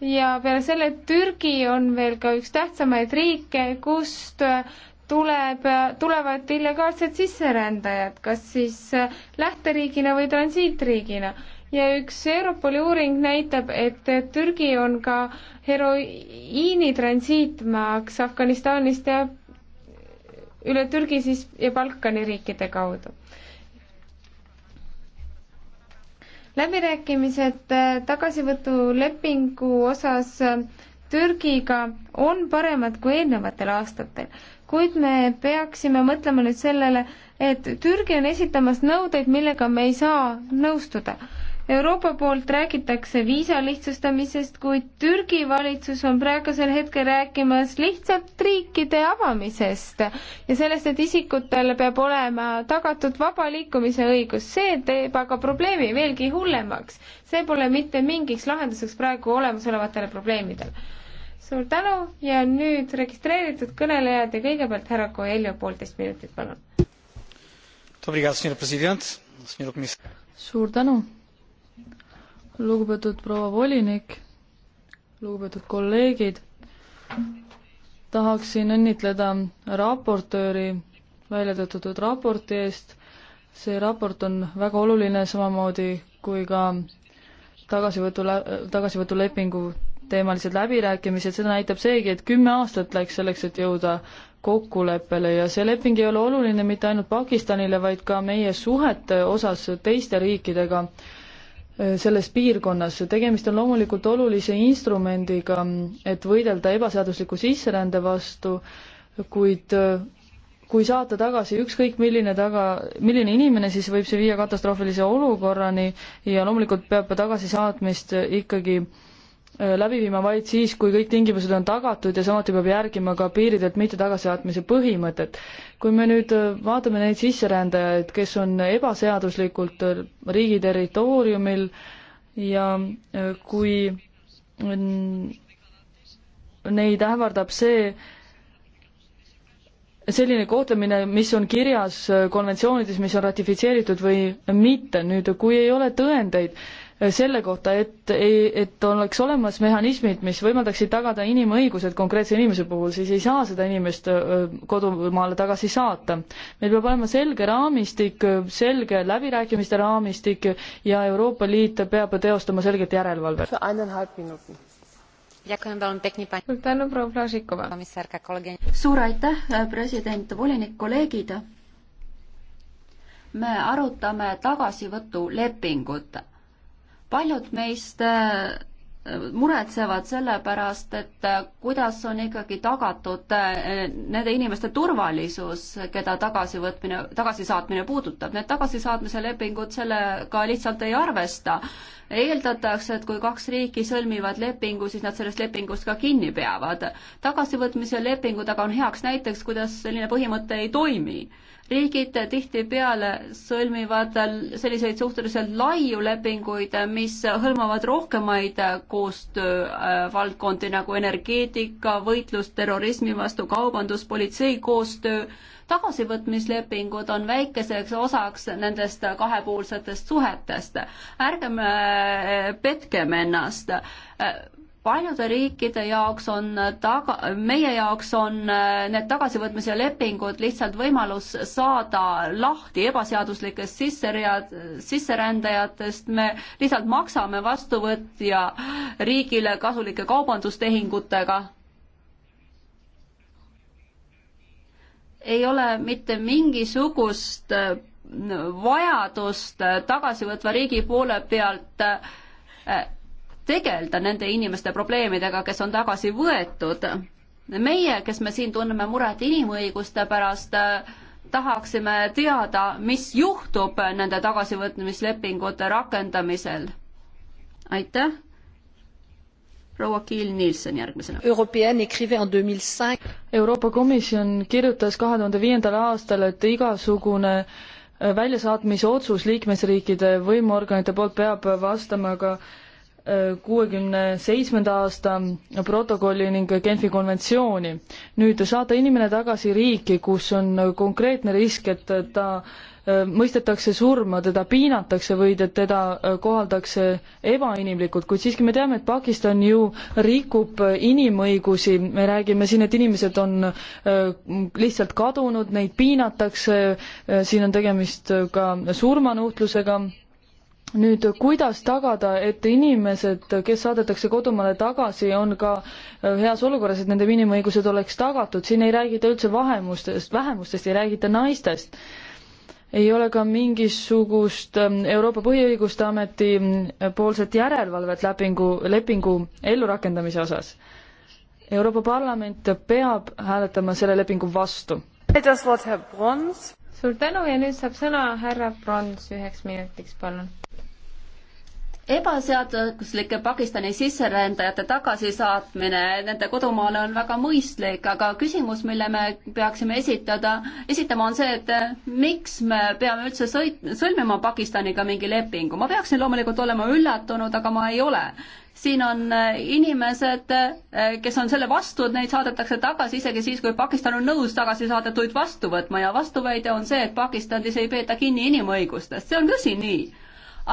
ja peale selle Türgi on veel ka üks tähtsamaid riike, kust äh, tuleb, tulevad illegaalsed sisserändajad, kas siis äh, lähteriigina või transiitriigina. ja üks Europoli uuring näitab, et Türgi on ka heroiini transiitmaaks Afganistanist ja üle Türgi siis ja Balkani riikide kaudu. läbirääkimised äh, tagasivõtulepingu osas äh, Türgiga on paremad kui eelnevatel aastatel, kuid me peaksime mõtlema nüüd sellele, et Türgi on esitamas nõudeid, millega me ei saa nõustuda Euroopa poolt räägitakse viisa lihtsustamisest, kuid Türgi valitsus on praegusel hetkel rääkimas lihtsalt riikide avamisest ja sellest, et isikutele peab olema tagatud vaba liikumise õigus. see teeb aga probleemi veelgi hullemaks. see pole mitte mingiks lahenduseks praegu olemasolevatele probleemidele. suur tänu ja nüüd registreeritud kõnelejad ja kõigepealt härra Coelho, poolteist minutit, palun. suur tänu lugupeetud proua volinik, lugupeetud kolleegid, tahaksin õnnitleda raportööri välja töötatud raporti eest. see raport on väga oluline, samamoodi kui ka tagasivõtu, tagasivõtulepingu teemalised läbirääkimised, seda näitab seegi, et kümme aastat läks selleks, et jõuda kokkuleppele ja see leping ei ole oluline mitte ainult Pakistanile, vaid ka meie suhete osas teiste riikidega Äh, selles piirkonnas. tegemist on loomulikult olulise instrumendiga, et võidelda ebaseadusliku sisserände vastu, kuid äh, kui saata tagasi ükskõik milline taga, milline inimene, siis võib see viia katastroofilise olukorrani ja loomulikult peab tagasisaatmist ikkagi äh, Äh, läbi viima vaid siis, kui kõik tingimused on tagatud ja samuti peab järgima ka piiridelt mitte tagasisaatmise põhimõtet. kui me nüüd äh, vaatame neid sisserändajaid, kes on ebaseaduslikult äh, riigi territooriumil ja kui mm, neid ähvardab see, selline kohtlemine, mis on kirjas konventsioonides, mis on ratifitseeritud või mitte, nüüd kui ei ole tõendeid, selle kohta, et, et oleks olemas mehhanismid, mis võimaldaksid tagada inimõigused konkreetse inimese puhul, siis ei saa seda inimest kodumaale tagasi saata. meil peab olema selge raamistik, selge läbirääkimiste raamistik ja Euroopa Liit peab teostama selget järelevalvet. suur tänu, proua Flašikova! suur aitäh, äh, president, volinik, kolleegid! me arutame tagasivõtulepingut paljud meist äh, muretsevad selle pärast, et äh, kuidas on ikkagi tagatud äh, nende inimeste turvalisus, keda tagasivõtmine, tagasisaatmine puudutab. Need tagasisaatmise lepingud sellega lihtsalt ei arvesta. eeldatakse, et kui kaks riiki sõlmivad lepingu, siis nad sellest lepingust ka kinni peavad. tagasivõtmise lepingud aga on heaks näiteks, kuidas selline põhimõte ei toimi riigid tihtipeale sõlmivad selliseid suhteliselt laiu lepinguid, mis hõlmavad rohkemaid koostöövaldkondi nagu energeetika, võitlus terrorismi vastu, kaubandus, politsei koostöö. tagasivõtmislepingud on väikeseks osaks nendest kahepoolsetest suhetest. ärgem äh, petkem ennast paljude riikide jaoks on äh, taga, meie jaoks on äh, need tagasivõtmise lepingud lihtsalt võimalus saada lahti ebaseaduslikest sisseread, sisserändajatest, me lihtsalt maksame vastuvõtja riigile kasulike kaubandustehingutega. ei ole mitte mingisugust äh, vajadust tagasivõtva riigi poole pealt tegeleda nende inimeste probleemidega, kes on tagasi võetud. meie, kes me siin tunneme muret inimõiguste pärast, tahaksime teada, mis juhtub nende tagasivõtmislepingute rakendamisel. aitäh. proua Kiil-Nielsen järgmisena. Euroopa Komisjon kirjutas kahe tuhande viiendal aastal, et igasugune äh, väljasaatmise otsus liikmesriikide võimuorganite poolt peab vastama ka kuuekümne seitsmenda aasta protokolli ning Genfi konventsiooni. nüüd saada inimene tagasi riiki, kus on konkreetne risk, et ta äh, mõistetakse surma, teda piinatakse või et teda äh, kohaldakse ebainimlikult, kuid siiski me teame, et Pakistan ju rikub äh, inimõigusi, me räägime siin, et inimesed on lihtsalt kadunud, neid piinatakse, siin on tegemist ka surmanuhtlusega nüüd, kuidas tagada, et inimesed, kes saadetakse kodumaale tagasi, on ka äh, heas olukorras, et nende inimõigused oleks tagatud, siin ei räägita üldse vahemustest, vähemustest, ei räägita naistest. ei ole ka mingisugust ähm, Euroopa Põhiõiguste Ameti äh, poolset järelevalvet lepingu, lepingu ellurakendamise osas. Euroopa Parlament peab hääletama selle lepingu vastu. suur tänu ja nüüd saab sõna härra Brons üheks minutiks, palun ebaseaduslike Pakistani sisserändajate tagasisaatmine nende kodumaale on väga mõistlik, aga küsimus, mille me peaksime esitada, esitama, on see, et eh, miks me peame üldse sõit-, sõlmima Pakistaniga mingi lepingu. ma peaksin loomulikult olema üllatunud, aga ma ei ole. siin on eh, inimesed, eh, kes on selle vastu, et neid saadetakse tagasi isegi siis, kui Pakistan on nõus tagasisaadetuid vastu võtma ja vastuväide on see, et Pakistanis ei peeta kinni inimõigustest. see on tõsi nii,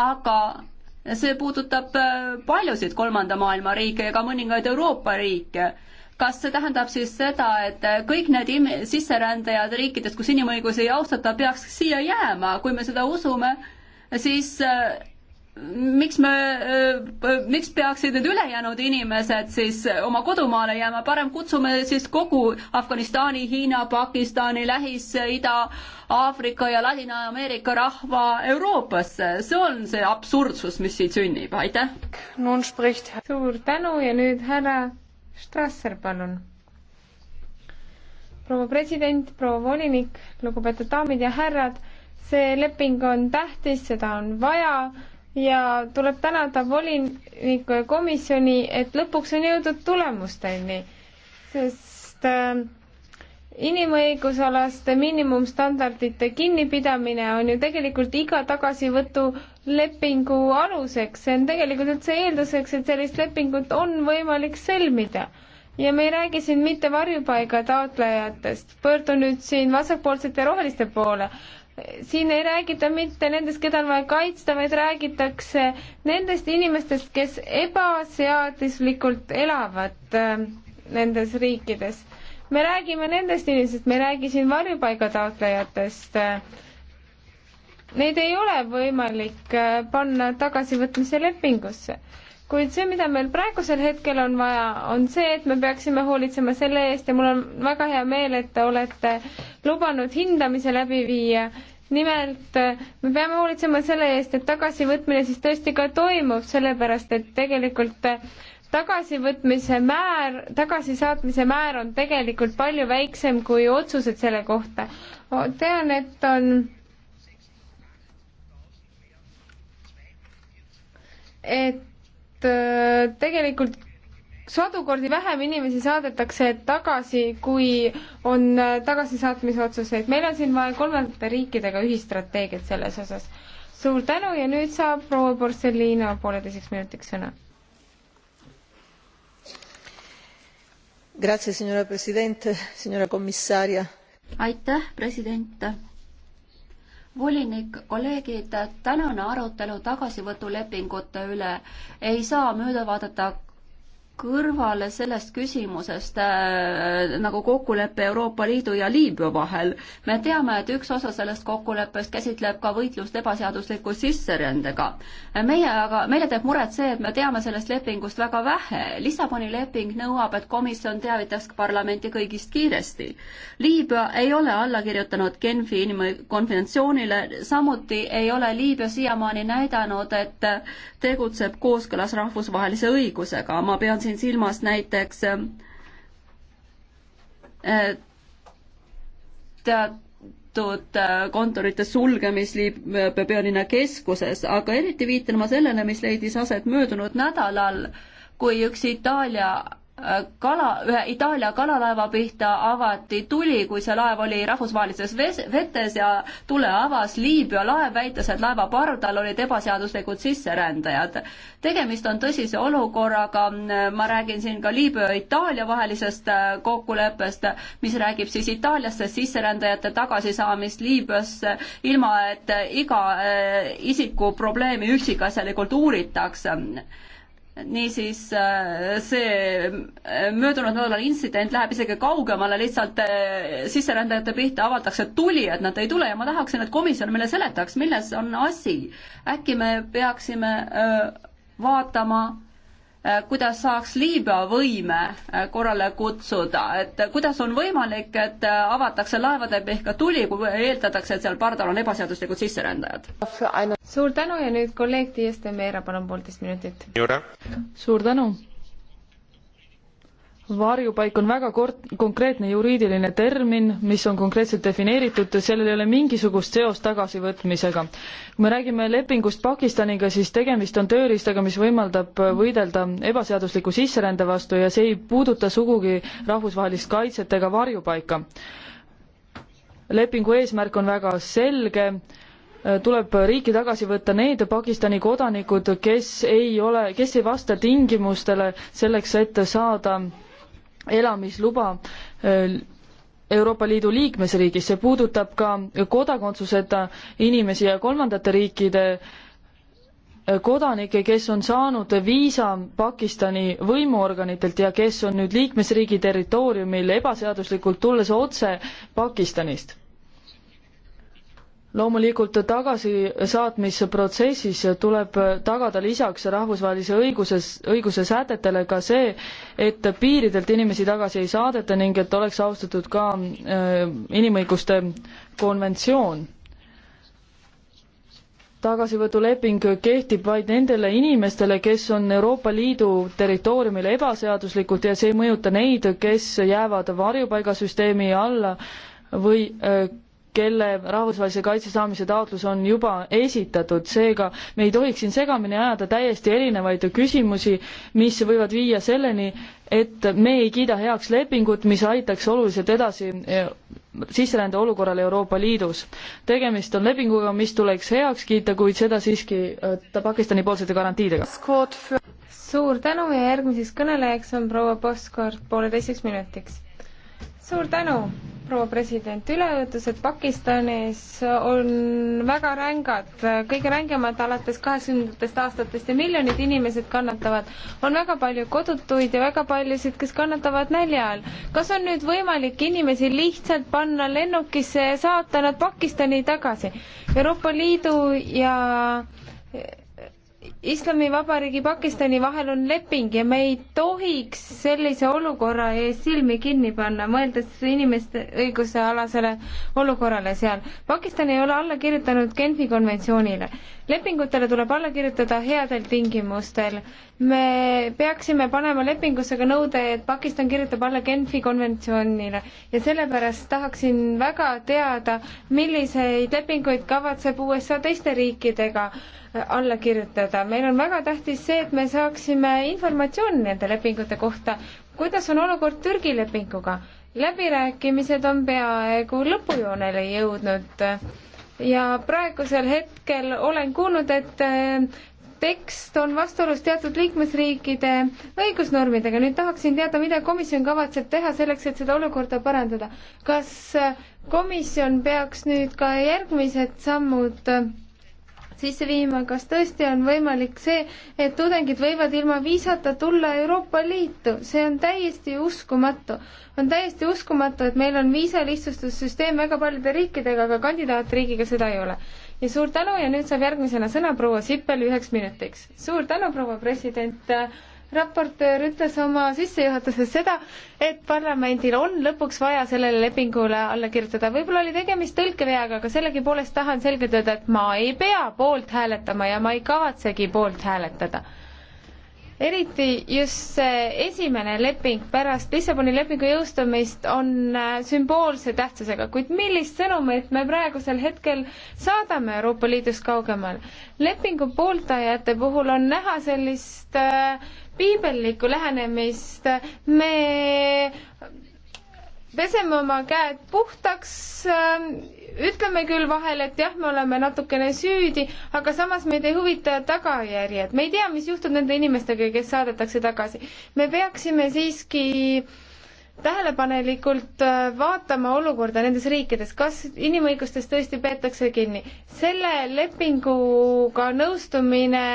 aga see puudutab äh, paljusid kolmanda maailma riike ja ka mõningaid Euroopa riike. kas see tähendab siis seda, et äh, kõik need sisserändajad riikidest, kus inimõigusi ei austata, peaks siia jääma, kui me seda usume, siis äh, miks me, äh, miks peaksid need ülejäänud inimesed siis oma kodumaale jääma, parem kutsume siis kogu Afganistani, Hiina, Pakistani, Lähis-Ida, Aafrika ja Ladina-Ameerika rahva Euroopasse, see on see absurdsus, mis siit sünnib, aitäh. suur tänu ja nüüd härra Strasser, palun. proua president, proua volinik, lugupeetud daamid ja härrad, see leping on tähtis, seda on vaja ja tuleb tänada voliniku ja komisjoni, et lõpuks on jõudnud tulemusteni, sest äh, inimõigusalaste miinimumstandardite kinnipidamine on ju tegelikult iga tagasivõtu lepingu aluseks, see on tegelikult üldse eelduseks, et sellist lepingut on võimalik sõlmida ja me ei räägi siin mitte varjupaiga taotlejatest, pöördun nüüd siin vasakpoolsete roheliste poole siin ei räägita mitte nendest, keda on vaja kaitsta, vaid räägitakse nendest inimestest, kes ebaseaduslikult elavad ähm, nendes riikides. me räägime nendest inimestest, me ei räägi siin varjupaiga taotlejatest. Neid ei ole võimalik äh, panna tagasivõtmise lepingusse kuid see, mida meil praegusel hetkel on vaja, on see, et me peaksime hoolitsema selle eest ja mul on väga hea meel, et te olete lubanud hindamise läbi viia. nimelt me peame hoolitsema selle eest, et tagasivõtmine siis tõesti ka toimub, sellepärast et tegelikult tagasivõtmise määr, tagasisaatmise määr on tegelikult palju väiksem kui otsused selle kohta. tean, et on et Äh, tegelikult sadu kordi vähem inimesi saadetakse tagasi, kui on äh, tagasisaatmise otsuseid. meil on siin vaja kolmandate riikidega ühistrateegiat selles osas. suur tänu ja nüüd saab proua Borsellino pooleteiseks minutiks sõna. aitäh, president volinik, kolleegid, tänane arutelu tagasivõtulepingute üle ei saa mööda vaadata kõrvale sellest küsimusest äh, nagu kokkulepe Euroopa Liidu ja Liibüa vahel. me teame, et üks osa sellest kokkuleppest käsitleb ka võitlust ebaseadusliku sisserändega. meie aga, meile teeb muret see, et me teame sellest lepingust väga vähe. Lissaboni leping nõuab, et komisjon teavitaks parlamenti kõigist kiiresti. Liibüa ei ole alla kirjutanud Genfi inimkonventsioonile, samuti ei ole Liibüa siiamaani näidanud, et tegutseb kooskõlas rahvusvahelise õigusega. ma pean siin siin silmas näiteks äh, teatud äh, kontorite sulgemist liib pealinna keskuses, aga eriti viitan ma sellele, mis leidis aset möödunud nädalal, kui üks Itaalia kala, ühe Itaalia kalalaeva pihta avati tuli, kui see laev oli rahvusvahelises ves, vetes ja tule avas Liibüa laev, väites, et laeva pardal olid ebaseaduslikud sisserändajad. tegemist on tõsise olukorraga, ma räägin siin ka Liibüa ja Itaalia vahelisest äh, kokkuleppest, mis räägib siis Itaaliasse sisserändajate tagasisaamist Liibüasse, ilma et iga äh, isiku probleemi üksikasjalikult uuritakse niisiis äh, see äh, möödunud nädalal intsident läheb isegi kaugemale, lihtsalt äh, sisserändajate pihta avaldakse tuli, et nad ei tule ja ma tahaksin, et komisjon meile seletaks, milles on asi. äkki me peaksime vaatama Äh, kuidas saaks Liibüa võime äh, korrale kutsuda, et kuidas on võimalik, et äh, avatakse laevade pihka tuli, kui eeldatakse, et seal pardal on ebaseaduslikud sisserändajad? suur tänu ja nüüd kolleeg Dias de Meera, palun poolteist minutit. suur tänu varjupaik on väga kort-, konkreetne juriidiline termin, mis on konkreetselt defineeritud, sellel ei ole mingisugust seost tagasivõtmisega. kui me räägime lepingust Pakistaniga, siis tegemist on tööriistaga, mis võimaldab võidelda ebaseadusliku sisserände vastu ja see ei puuduta sugugi rahvusvahelist kaitset ega varjupaika. lepingu eesmärk on väga selge, tuleb riiki tagasi võtta need Pakistani kodanikud, kes ei ole, kes ei vasta tingimustele selleks, et saada elamisluba äh, Euroopa Liidu liikmesriigis, see puudutab ka kodakondsuseta inimesi ja kolmandate riikide äh, kodanikke, kes on saanud viisa Pakistani võimuorganitelt ja kes on nüüd liikmesriigi territooriumil ebaseaduslikult, tulles otse Pakistanist loomulikult tagasisaatmise protsessis tuleb tagada lisaks rahvusvahelise õiguses, õiguse sätetele ka see, et piiridelt inimesi tagasi ei saadeta ning et oleks austatud ka äh, inimõiguste konventsioon tagasivõtuleping kehtib vaid nendele inimestele, kes on Euroopa Liidu territooriumil ebaseaduslikult ja see ei mõjuta neid, kes jäävad varjupaigasüsteemi alla või äh, kelle rahvusvahelise kaitse saamise taotlus on juba esitatud, seega me ei tohiks siin segamini ajada täiesti erinevaid küsimusi, mis võivad viia selleni, et me ei kiida heaks lepingut, mis aitaks oluliselt edasi eh, sisserände olukorral Euroopa Liidus. tegemist on lepinguga, mis tuleks heaks kiita, kuid seda siiski eh, Pakistani poolsete garantiidega. suur tänu ja järgmiseks kõnelejaks on proua Poskord pooleteiseks minutiks suur tänu, proua president, üleujutused Pakistanis on väga rängad, kõige rängemad alates kaheksakümnendatest aastatest ja miljonid inimesed kannatavad. on väga palju kodutuid ja väga paljusid, kes kannatavad nälja all. kas on nüüd võimalik inimesi lihtsalt panna lennukisse ja saata nad Pakistani tagasi? Euroopa Liidu ja Islamivabariigi Pakistani vahel on leping ja me ei tohiks sellise olukorra ees silmi kinni panna, mõeldes inimeste õigusealasele olukorrale seal. Pakistan ei ole alla kirjutanud Genfi konventsioonile lepingutele tuleb alla kirjutada headel tingimustel. me peaksime panema lepingusse ka nõude, et Pakistan kirjutab alla Genfi konventsioonile ja sellepärast tahaksin väga teada, milliseid lepinguid kavatseb USA teiste riikidega äh, alla kirjutada. meil on väga tähtis see, et me saaksime informatsiooni nende lepingute kohta. kuidas on olukord Türgi lepinguga? läbirääkimised on peaaegu lõpujoonele jõudnud ja praegusel hetkel olen kuulnud, et äh, tekst on vastuolus teatud liikmesriikide õigusnormidega. nüüd tahaksin teada, mida komisjon kavatseb teha selleks, et seda olukorda parandada. kas äh, komisjon peaks nüüd ka järgmised sammud äh, sisse viima, kas tõesti on võimalik see, et tudengid võivad ilma viisata tulla Euroopa Liitu, see on täiesti uskumatu. on täiesti uskumatu, et meil on viisalihtsustussüsteem väga paljude riikidega, aga kandidaatriigiga seda ei ole. ja suur tänu ja nüüd saab järgmisena sõna proua Sippel üheks minutiks. suur tänu, proua president raportöör ütles oma sissejuhatuses seda, et parlamendil on lõpuks vaja sellele lepingule alla kirjutada. võib-olla oli tegemist tõlkeveaga, aga sellegipoolest tahan selgitada, et ma ei pea poolt hääletama ja ma ei kavatsegi poolt hääletada eriti just see esimene leping pärast Lissaboni lepingu jõustumist on äh, sümboolse tähtsusega, kuid millist sõnumit me praegusel hetkel saadame Euroopa Liidust kaugemale? lepingu pooldajate puhul on näha sellist äh, piibellikku lähenemist, me peseme oma käed puhtaks, ähm, ütleme küll vahel, et jah, me oleme natukene süüdi, aga samas meid ei huvita tagajärjed, me ei tea, mis juhtub nende inimestega, kes saadetakse tagasi. me peaksime siiski tähelepanelikult äh, vaatama olukorda nendes riikides, kas inimõigustest tõesti peetakse kinni. selle lepinguga nõustumine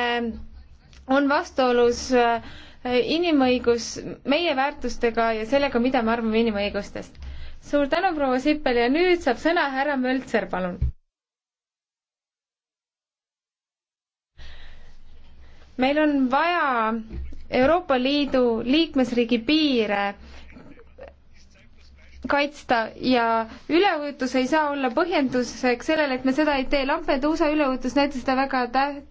on vastuolus äh, inimõigus, meie väärtustega ja sellega, mida me arvame inimõigustest. suur tänu, proua Sippel ja nüüd saab sõna härra Möltser, palun. meil on vaja Euroopa Liidu liikmesriigi piire kaitsta ja üleujutus ei saa olla põhjenduseks sellele, et me seda ei tee. Lampeduusa üleujutus näitas seda väga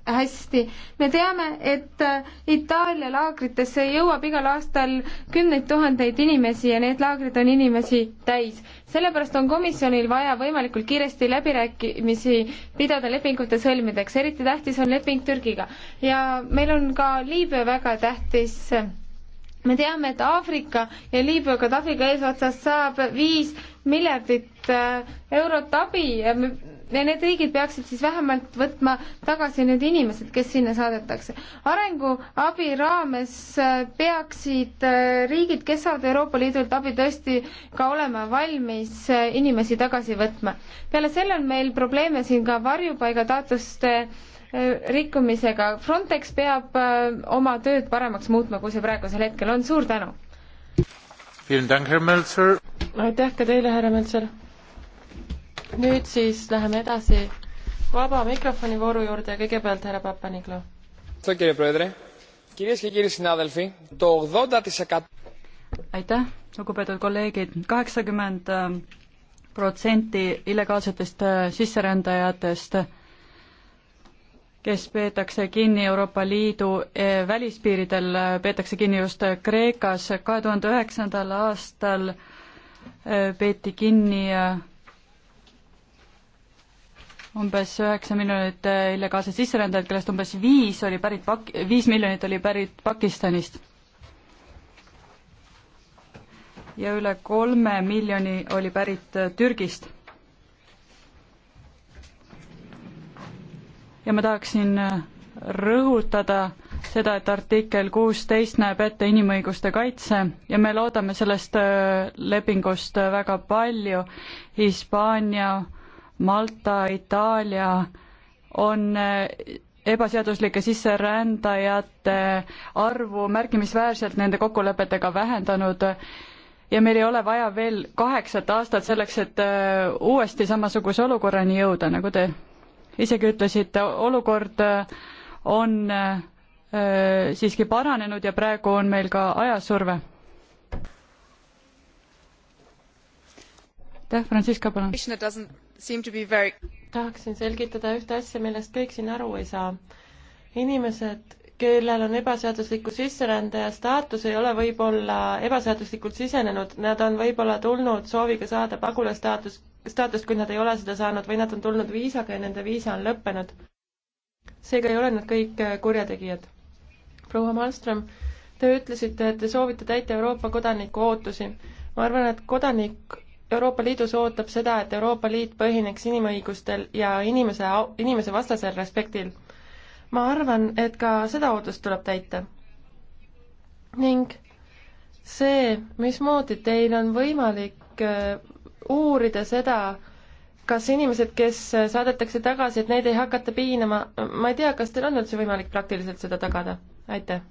hästi. me teame, et äh, Itaalia laagritesse jõuab igal aastal kümneid tuhandeid inimesi ja need laagrid on inimesi täis. sellepärast on komisjonil vaja võimalikult kiiresti läbirääkimisi pidada lepingute sõlmideks, eriti tähtis on leping Türgiga. ja meil on ka Liibüa väga tähtis me teame, et Aafrika ja Liibüa Gaddafiga eesotsas saab viis miljardit äh, eurot abi ja me ja need riigid peaksid siis vähemalt võtma tagasi need inimesed, kes sinna saadetakse. arenguabi raames äh, peaksid äh, riigid, kes saavad Euroopa Liidult abi, tõesti ka olema valmis inimesi tagasi võtma. peale selle on meil probleeme siin ka varjupaigataotluste rikkumisega. Frontex peab äh, oma tööd paremaks muutma, kui see praegusel hetkel on. suur tänu! aitäh ka teile, härra Mölzer! nüüd siis läheme edasi vaba mikrofoni vooru juurde ja kõigepealt härra Papaniklo. aitäh, lugupeetud kolleegid, kaheksakümmend äh, protsenti illegaalsetest äh, sisserändajatest kes peetakse kinni Euroopa Liidu eh, välispiiridel, peetakse kinni just Kreekas. kahe tuhande üheksandal aastal eh, peeti kinni eh, umbes üheksa miljonit illegaalset sisserändajat, kellest umbes viis oli pärit Pak-, viis miljonit oli pärit Pakistanist. ja üle kolme miljoni oli pärit Türgist ja ma tahaksin äh, rõhutada seda, et artikkel kuusteist näeb ette inimõiguste kaitse ja me loodame sellest äh, lepingust äh, väga palju. Hispaania, Malta, Itaalia on ebaseaduslike sisserändajate arvu märkimisväärselt nende kokkulepetega vähendanud ja meil ei ole vaja veel kaheksat aastat selleks, et uuesti samasuguse olukorrani jõuda, nagu te isegi ütlesite, olukord äh, on äh, siiski paranenud ja praegu on meil ka ajasurve. aitäh, Francisca, palun. Very... tahaksin selgitada ühte asja, millest kõik siin aru ei saa. inimesed, kellel on ebaseadusliku sisserändaja staatus, ei ole võib-olla ebaseaduslikult sisenenud, nad on võib-olla tulnud sooviga saada pagulastaatust staatust, kui nad ei ole seda saanud või nad on tulnud viisaga ja nende viisa on lõppenud. seega ei ole nad kõik äh, kurjategijad. proua Malmström, te ütlesite, et te soovite täita Euroopa kodaniku ootusi. ma arvan, et kodanik Euroopa Liidus ootab seda, et Euroopa Liit põhineks inimõigustel ja inimese, inimese vastasel respektil. ma arvan, et ka seda ootust tuleb täita. ning see, mismoodi teil on võimalik äh, uurida seda, kas inimesed, kes saadetakse tagasi, et neid ei hakata piinama, ma ei tea, kas teil on üldse võimalik praktiliselt seda tagada? aitäh!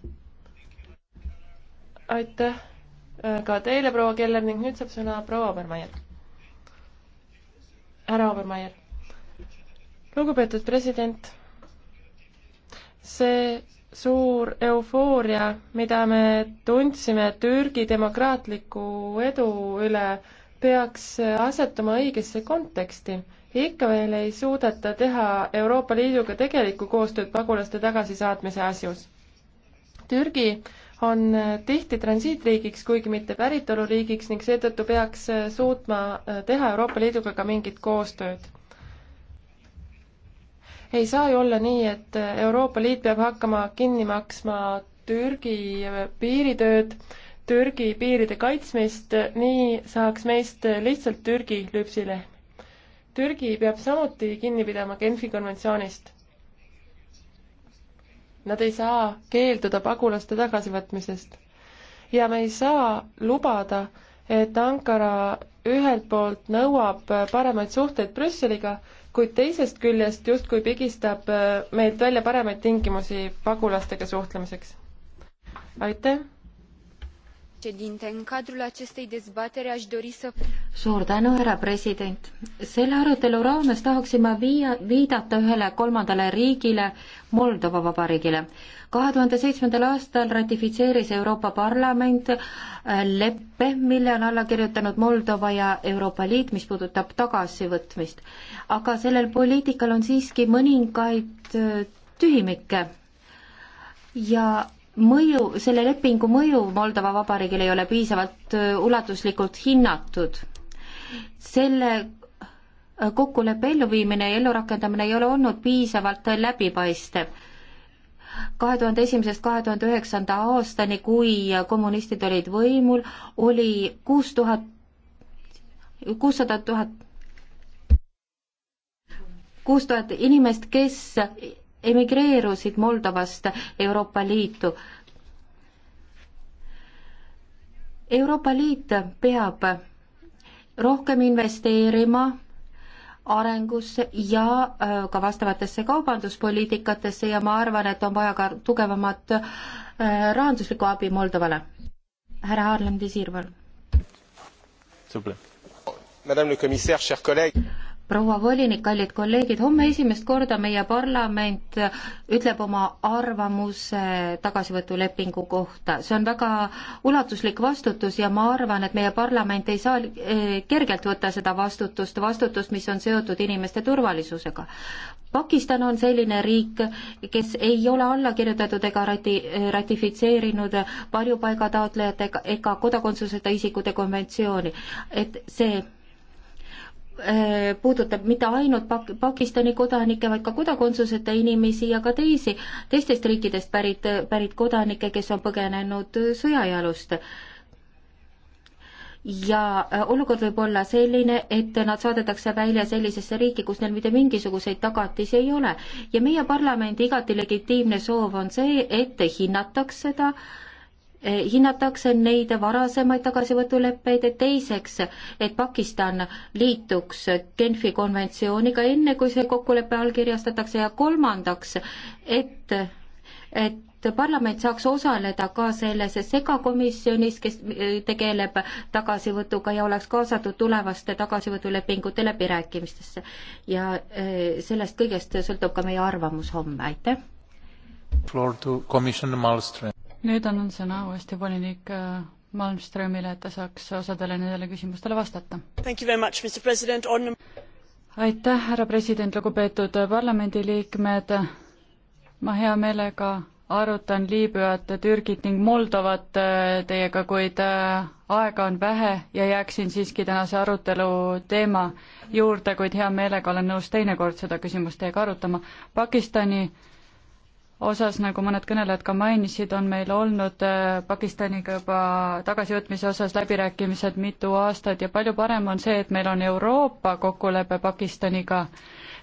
aitäh äh, ka teile, proua Keller, ning nüüd saab sõna proua Obermeier. härra Obermeier. lugupeetud president, see suur eufooria, mida me tundsime Türgi demokraatliku edu üle, peaks asetuma õigesse konteksti. ikka veel ei suudeta teha Euroopa Liiduga tegelikku koostööd pagulaste tagasisaatmise asjus. Türgi on tihti transiitriigiks, kuigi mitte päritoluriigiks ning seetõttu peaks suutma teha Euroopa Liiduga ka mingit koostööd ei saa ju olla nii, et Euroopa Liit peab hakkama kinni maksma Türgi piiritööd, Türgi piiride kaitsmist, nii saaks meist lihtsalt Türgi lüpsilehm. Türgi peab samuti kinni pidama Genfi konventsioonist. Nad ei saa keelduda pagulaste tagasivõtmisest ja me ei saa lubada, et Ankara ühelt poolt nõuab paremaid suhteid Brüsseliga, kuid teisest küljest justkui pigistab eh, meilt välja paremaid tingimusi pagulastega suhtlemiseks. aitäh! în cadrul acestei dezbateri aș dori să... Suur tänu, härra president. Selle arutelu raames tahaksin ma viia, viidata ühele kolmandale riigile, Moldova Vabariigile. kahe tuhande seitsmendal aastal ratifitseeris Euroopa Parlament äh, leppe, mille on alla kirjutanud Moldova ja Euroopa Liit, mis puudutab tagasivõtmist. aga sellel poliitikal on siiski mõningaid äh, tühimikke ja mõju, selle lepingu mõju Moldova Vabariigile ei ole piisavalt äh, ulatuslikult hinnatud. selle äh, kokkuleppe elluviimine ja ellurakendamine ei ole olnud piisavalt läbipaistev. kahe tuhande esimesest kahe tuhande üheksanda aastani, kui äh, kommunistid olid võimul, oli kuus tuhat, kuussada tuhat kuus tuhat inimest, kes emigreerusid Moldovast Euroopa Liitu. Euroopa Liit peab rohkem investeerima arengusse ja äh, ka vastavatesse kaubanduspoliitikatesse ja ma arvan, et on vaja ka tugevamat äh, rahanduslikku abi Moldovale. härra Haarlem Desirval. Madame le commissaire, chers collègues proua volinik, kallid kolleegid, homme esimest korda meie parlament ütleb oma arvamuse tagasivõtulepingu kohta. see on väga ulatuslik vastutus ja ma arvan, et meie parlament ei saa eh, kergelt võtta seda vastutust, vastutust, mis on seotud inimeste turvalisusega. Pakistan on selline riik, kes ei ole alla kirjutatud ega rati-, ratifitseerinud varjupaigataotlejate ega kodakondsuseta isikute konventsiooni. et see Äh, puudutab mitte ainult Pak-, Pakistani kodanikke, vaid ka kodakondsuseta inimesi ja ka teisi teistest riikidest pärit, pärit kodanikke, kes on põgenenud sõjajalust ja äh, olukord võib olla selline, et nad saadetakse välja sellisesse riiki, kus neil mitte mingisuguseid tagatisi ei ole. ja meie parlamendi igati legitiimne soov on see, et hinnataks seda äh, Eh, hinnatakse neid varasemaid tagasivõtuleppeid ja teiseks, et Pakistan liituks Genfi konventsiooniga enne, kui see kokkulepe allkirjastatakse ja kolmandaks, et, et parlament saaks osaleda ka selles segakomisjonis, kes eh, tegeleb tagasivõtuga ja oleks kaasatud tulevaste tagasivõtulepingute läbirääkimistesse. ja eh, sellest kõigest sõltub ka meie arvamus homme, aitäh! Floor to Commissioner Malmström nüüd annan sõna uuesti volinik äh, Malmströmile, et ta saaks osadele nendele küsimustele vastata. aitäh, härra president, lugupeetud parlamendiliikmed, ma hea meelega arutan Liibüat, Türgit ning Moldovat äh, teiega, kuid äh, aega on vähe ja jääksin siiski tänase arutelu teema juurde, kuid hea meelega olen nõus teinekord seda küsimust teiega arutama. Pakistani osas, nagu mõned kõnelejad ka mainisid, on meil olnud äh, Pakistaniga juba tagasivõtmise osas läbirääkimised mitu aastat ja palju parem on see, et meil on Euroopa kokkulepe Pakistaniga,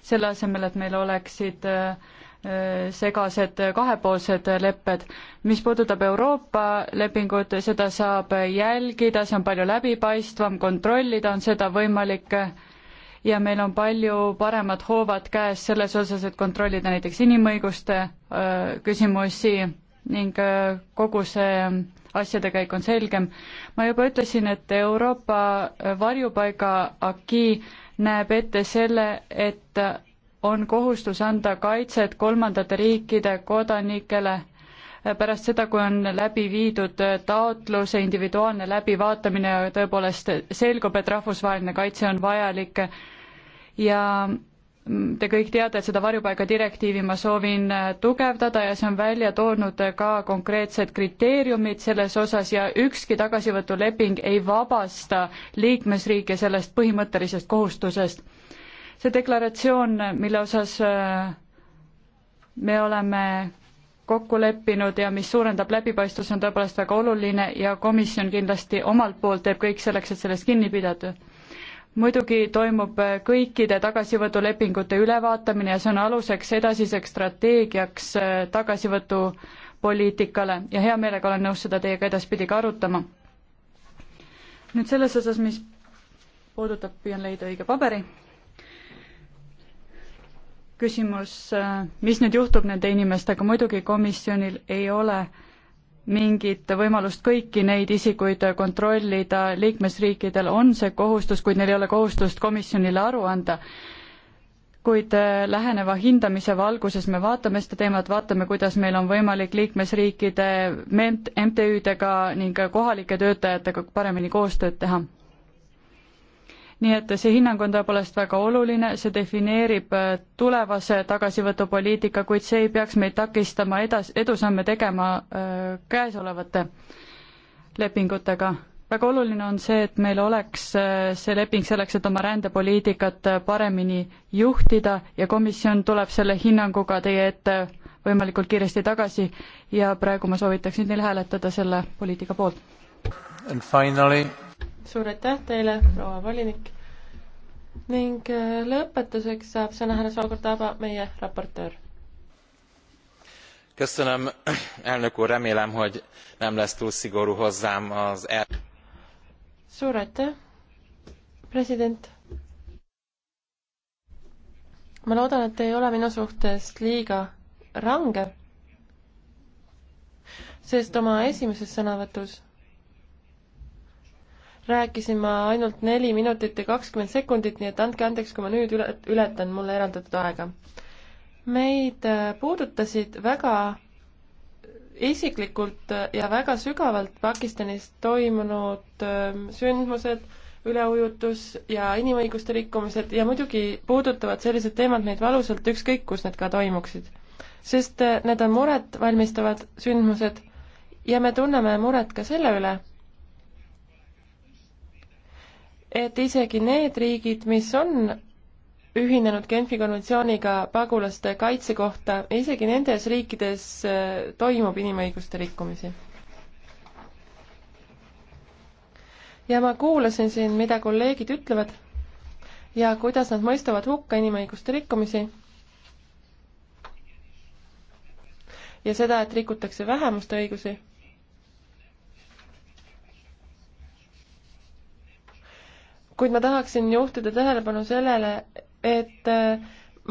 selle asemel, et meil oleksid äh, äh, segased kahepoolsed lepped. mis puudutab Euroopa lepingut, seda saab jälgida, see on palju läbipaistvam, kontrollida on seda võimalik ja meil on palju paremad hoovad käes selles osas, et kontrollida näiteks inimõiguste äh, küsimusi ning äh, kogu see asjade käik on selgem. ma juba ütlesin, et Euroopa äh, varjupaiga aki näeb ette selle, et on kohustus anda kaitset kolmandate riikide kodanikele Äh, pärast seda, kui on läbi viidud äh, taotluse individuaalne läbivaatamine ja tõepoolest selgub, et rahvusvaheline kaitse on vajalik ja mm, te kõik teate, et seda varjupaiga direktiivi ma soovin äh, tugevdada ja see on välja toonud ka konkreetsed kriteeriumid selles osas ja ükski tagasivõtuleping ei vabasta liikmesriike sellest põhimõttelisest kohustusest. see deklaratsioon, mille osas me oleme kokku leppinud ja mis suurendab läbipaistvust, on tõepoolest väga oluline ja komisjon kindlasti omalt poolt teeb kõik selleks, et sellest kinni pidada. muidugi toimub kõikide tagasivõtulepingute ülevaatamine ja see on aluseks edasiseks strateegiaks äh, tagasivõtupoliitikale ja hea meelega olen nõus seda teiega edaspidi ka arutama. nüüd selles osas, mis puudutab, püüan leida õige paberi küsimus, mis nüüd juhtub nende inimestega, muidugi komisjonil ei ole mingit võimalust kõiki neid isikuid kontrollida, liikmesriikidel on see kohustus, kuid neil ei ole kohustust komisjonile aru anda. kuid äh, läheneva hindamise valguses me vaatame seda teemat, vaatame, kuidas meil on võimalik liikmesriikide MTÜ-dega ning kohalike töötajatega paremini koostööd teha nii et see hinnang on tõepoolest väga oluline, see defineerib äh, tulevase tagasivõtupoliitika, kuid see ei peaks meid takistama edas-, edusamme tegema äh, käesolevate lepingutega. väga oluline on see, et meil oleks äh, see leping selleks, et oma rändepoliitikat paremini juhtida ja komisjon tuleb selle hinnanguga teie ette võimalikult kiiresti tagasi ja praegu ma soovitaksin teil hääletada selle poliitika poolt. And finally suur aitäh teile, proua volinik. ning äh, lõpetuseks saab sõna härra Saagor Taaba, meie raportöör. köszönöm, elnök úr, remélem, hogy nem lesz túl szigorú hozzám az el... suur aitäh, president. ma loodan, et ei ole minu suhtes liiga range, sest oma esimeses sõnavõtus rääkisin ma ainult neli minutit ja kakskümmend sekundit, nii et andke andeks, kui ma nüüd üle, ületan mulle eraldatud aega. meid äh, puudutasid väga isiklikult ja väga sügavalt Pakistanis toimunud ähm, sündmused, üleujutus ja inimõiguste rikkumised ja muidugi puudutavad sellised teemad meid valusalt, ükskõik kus need ka toimuksid. sest äh, need on muret valmistavad sündmused ja me tunneme muret ka selle üle et isegi need riigid, mis on ühinenud Genfi konventsiooniga pagulaste kaitse kohta, isegi nendes riikides äh, toimub inimõiguste rikkumisi. ja ma kuulasin siin, mida kolleegid ütlevad ja kuidas nad mõistavad hukka inimõiguste rikkumisi ja seda, et rikutakse vähemuste õigusi kuid ma tahaksin juhtida tähelepanu sellele, et äh,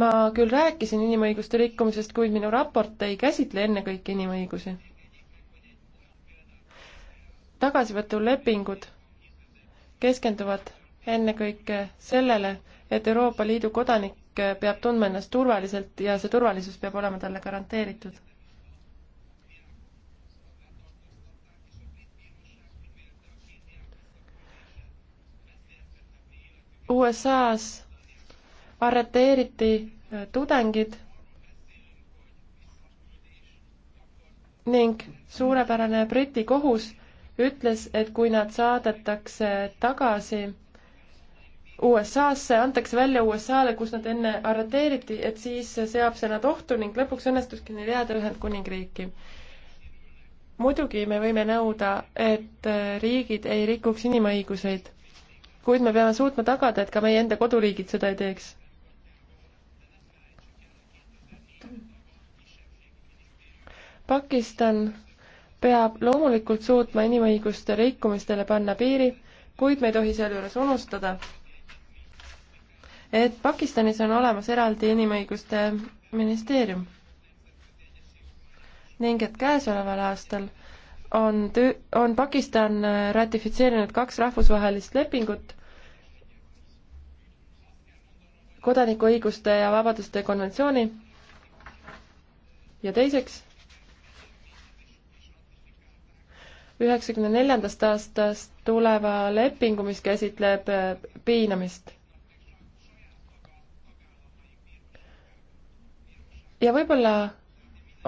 ma küll rääkisin inimõiguste rikkumisest, kuid minu raport ei käsitle ennekõike inimõigusi. tagasivõtulepingud keskenduvad ennekõike sellele, et Euroopa Liidu kodanik peab tundma ennast turvaliselt ja see turvalisus peab olema talle garanteeritud USA-s arreteeriti äh, tudengid ning suurepärane Briti kohus ütles, et kui nad saadetakse tagasi USA-sse, antakse välja USA-le, kus nad enne arreteeriti, et siis seab see nad ohtu ning lõpuks õnnestuski neil jääda Ühendkuningriiki. muidugi me võime nõuda, et äh, riigid ei rikuks inimõiguseid kuid me peame suutma tagada, et ka meie enda koduriigid seda ei teeks. Pakistan peab loomulikult suutma inimõiguste rikkumistele panna piiri, kuid me ei tohi sealjuures unustada, et Pakistanis on olemas eraldi inimõiguste ministeerium ning et käesoleval aastal on tü-, on Pakistan ratifitseerinud kaks rahvusvahelist lepingut, kodanikuõiguste ja vabaduste konventsiooni ja teiseks üheksakümne neljandast aastast tuleva lepingu, mis käsitleb äh, piinamist. ja võib-olla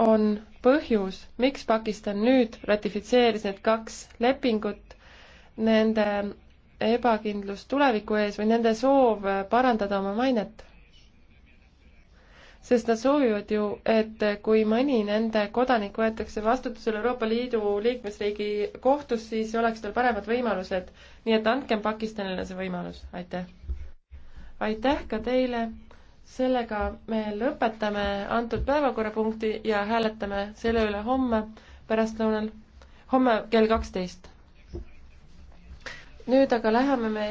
on põhjus, miks Pakistan nüüd ratifitseeris need kaks lepingut, nende ebakindlus tuleviku ees või nende soov parandada oma mainet. sest nad soovivad ju, et kui mõni nende kodanik võetakse vastutusele Euroopa Liidu liikmesriigi kohtus, siis oleks tal paremad võimalused. nii et andkem Pakistanile see võimalus, aitäh! aitäh ka teile! sellega me lõpetame antud päevakorrapunkti ja hääletame selle üle homme pärastlõunal, homme kell kaksteist nüüd aga läheme me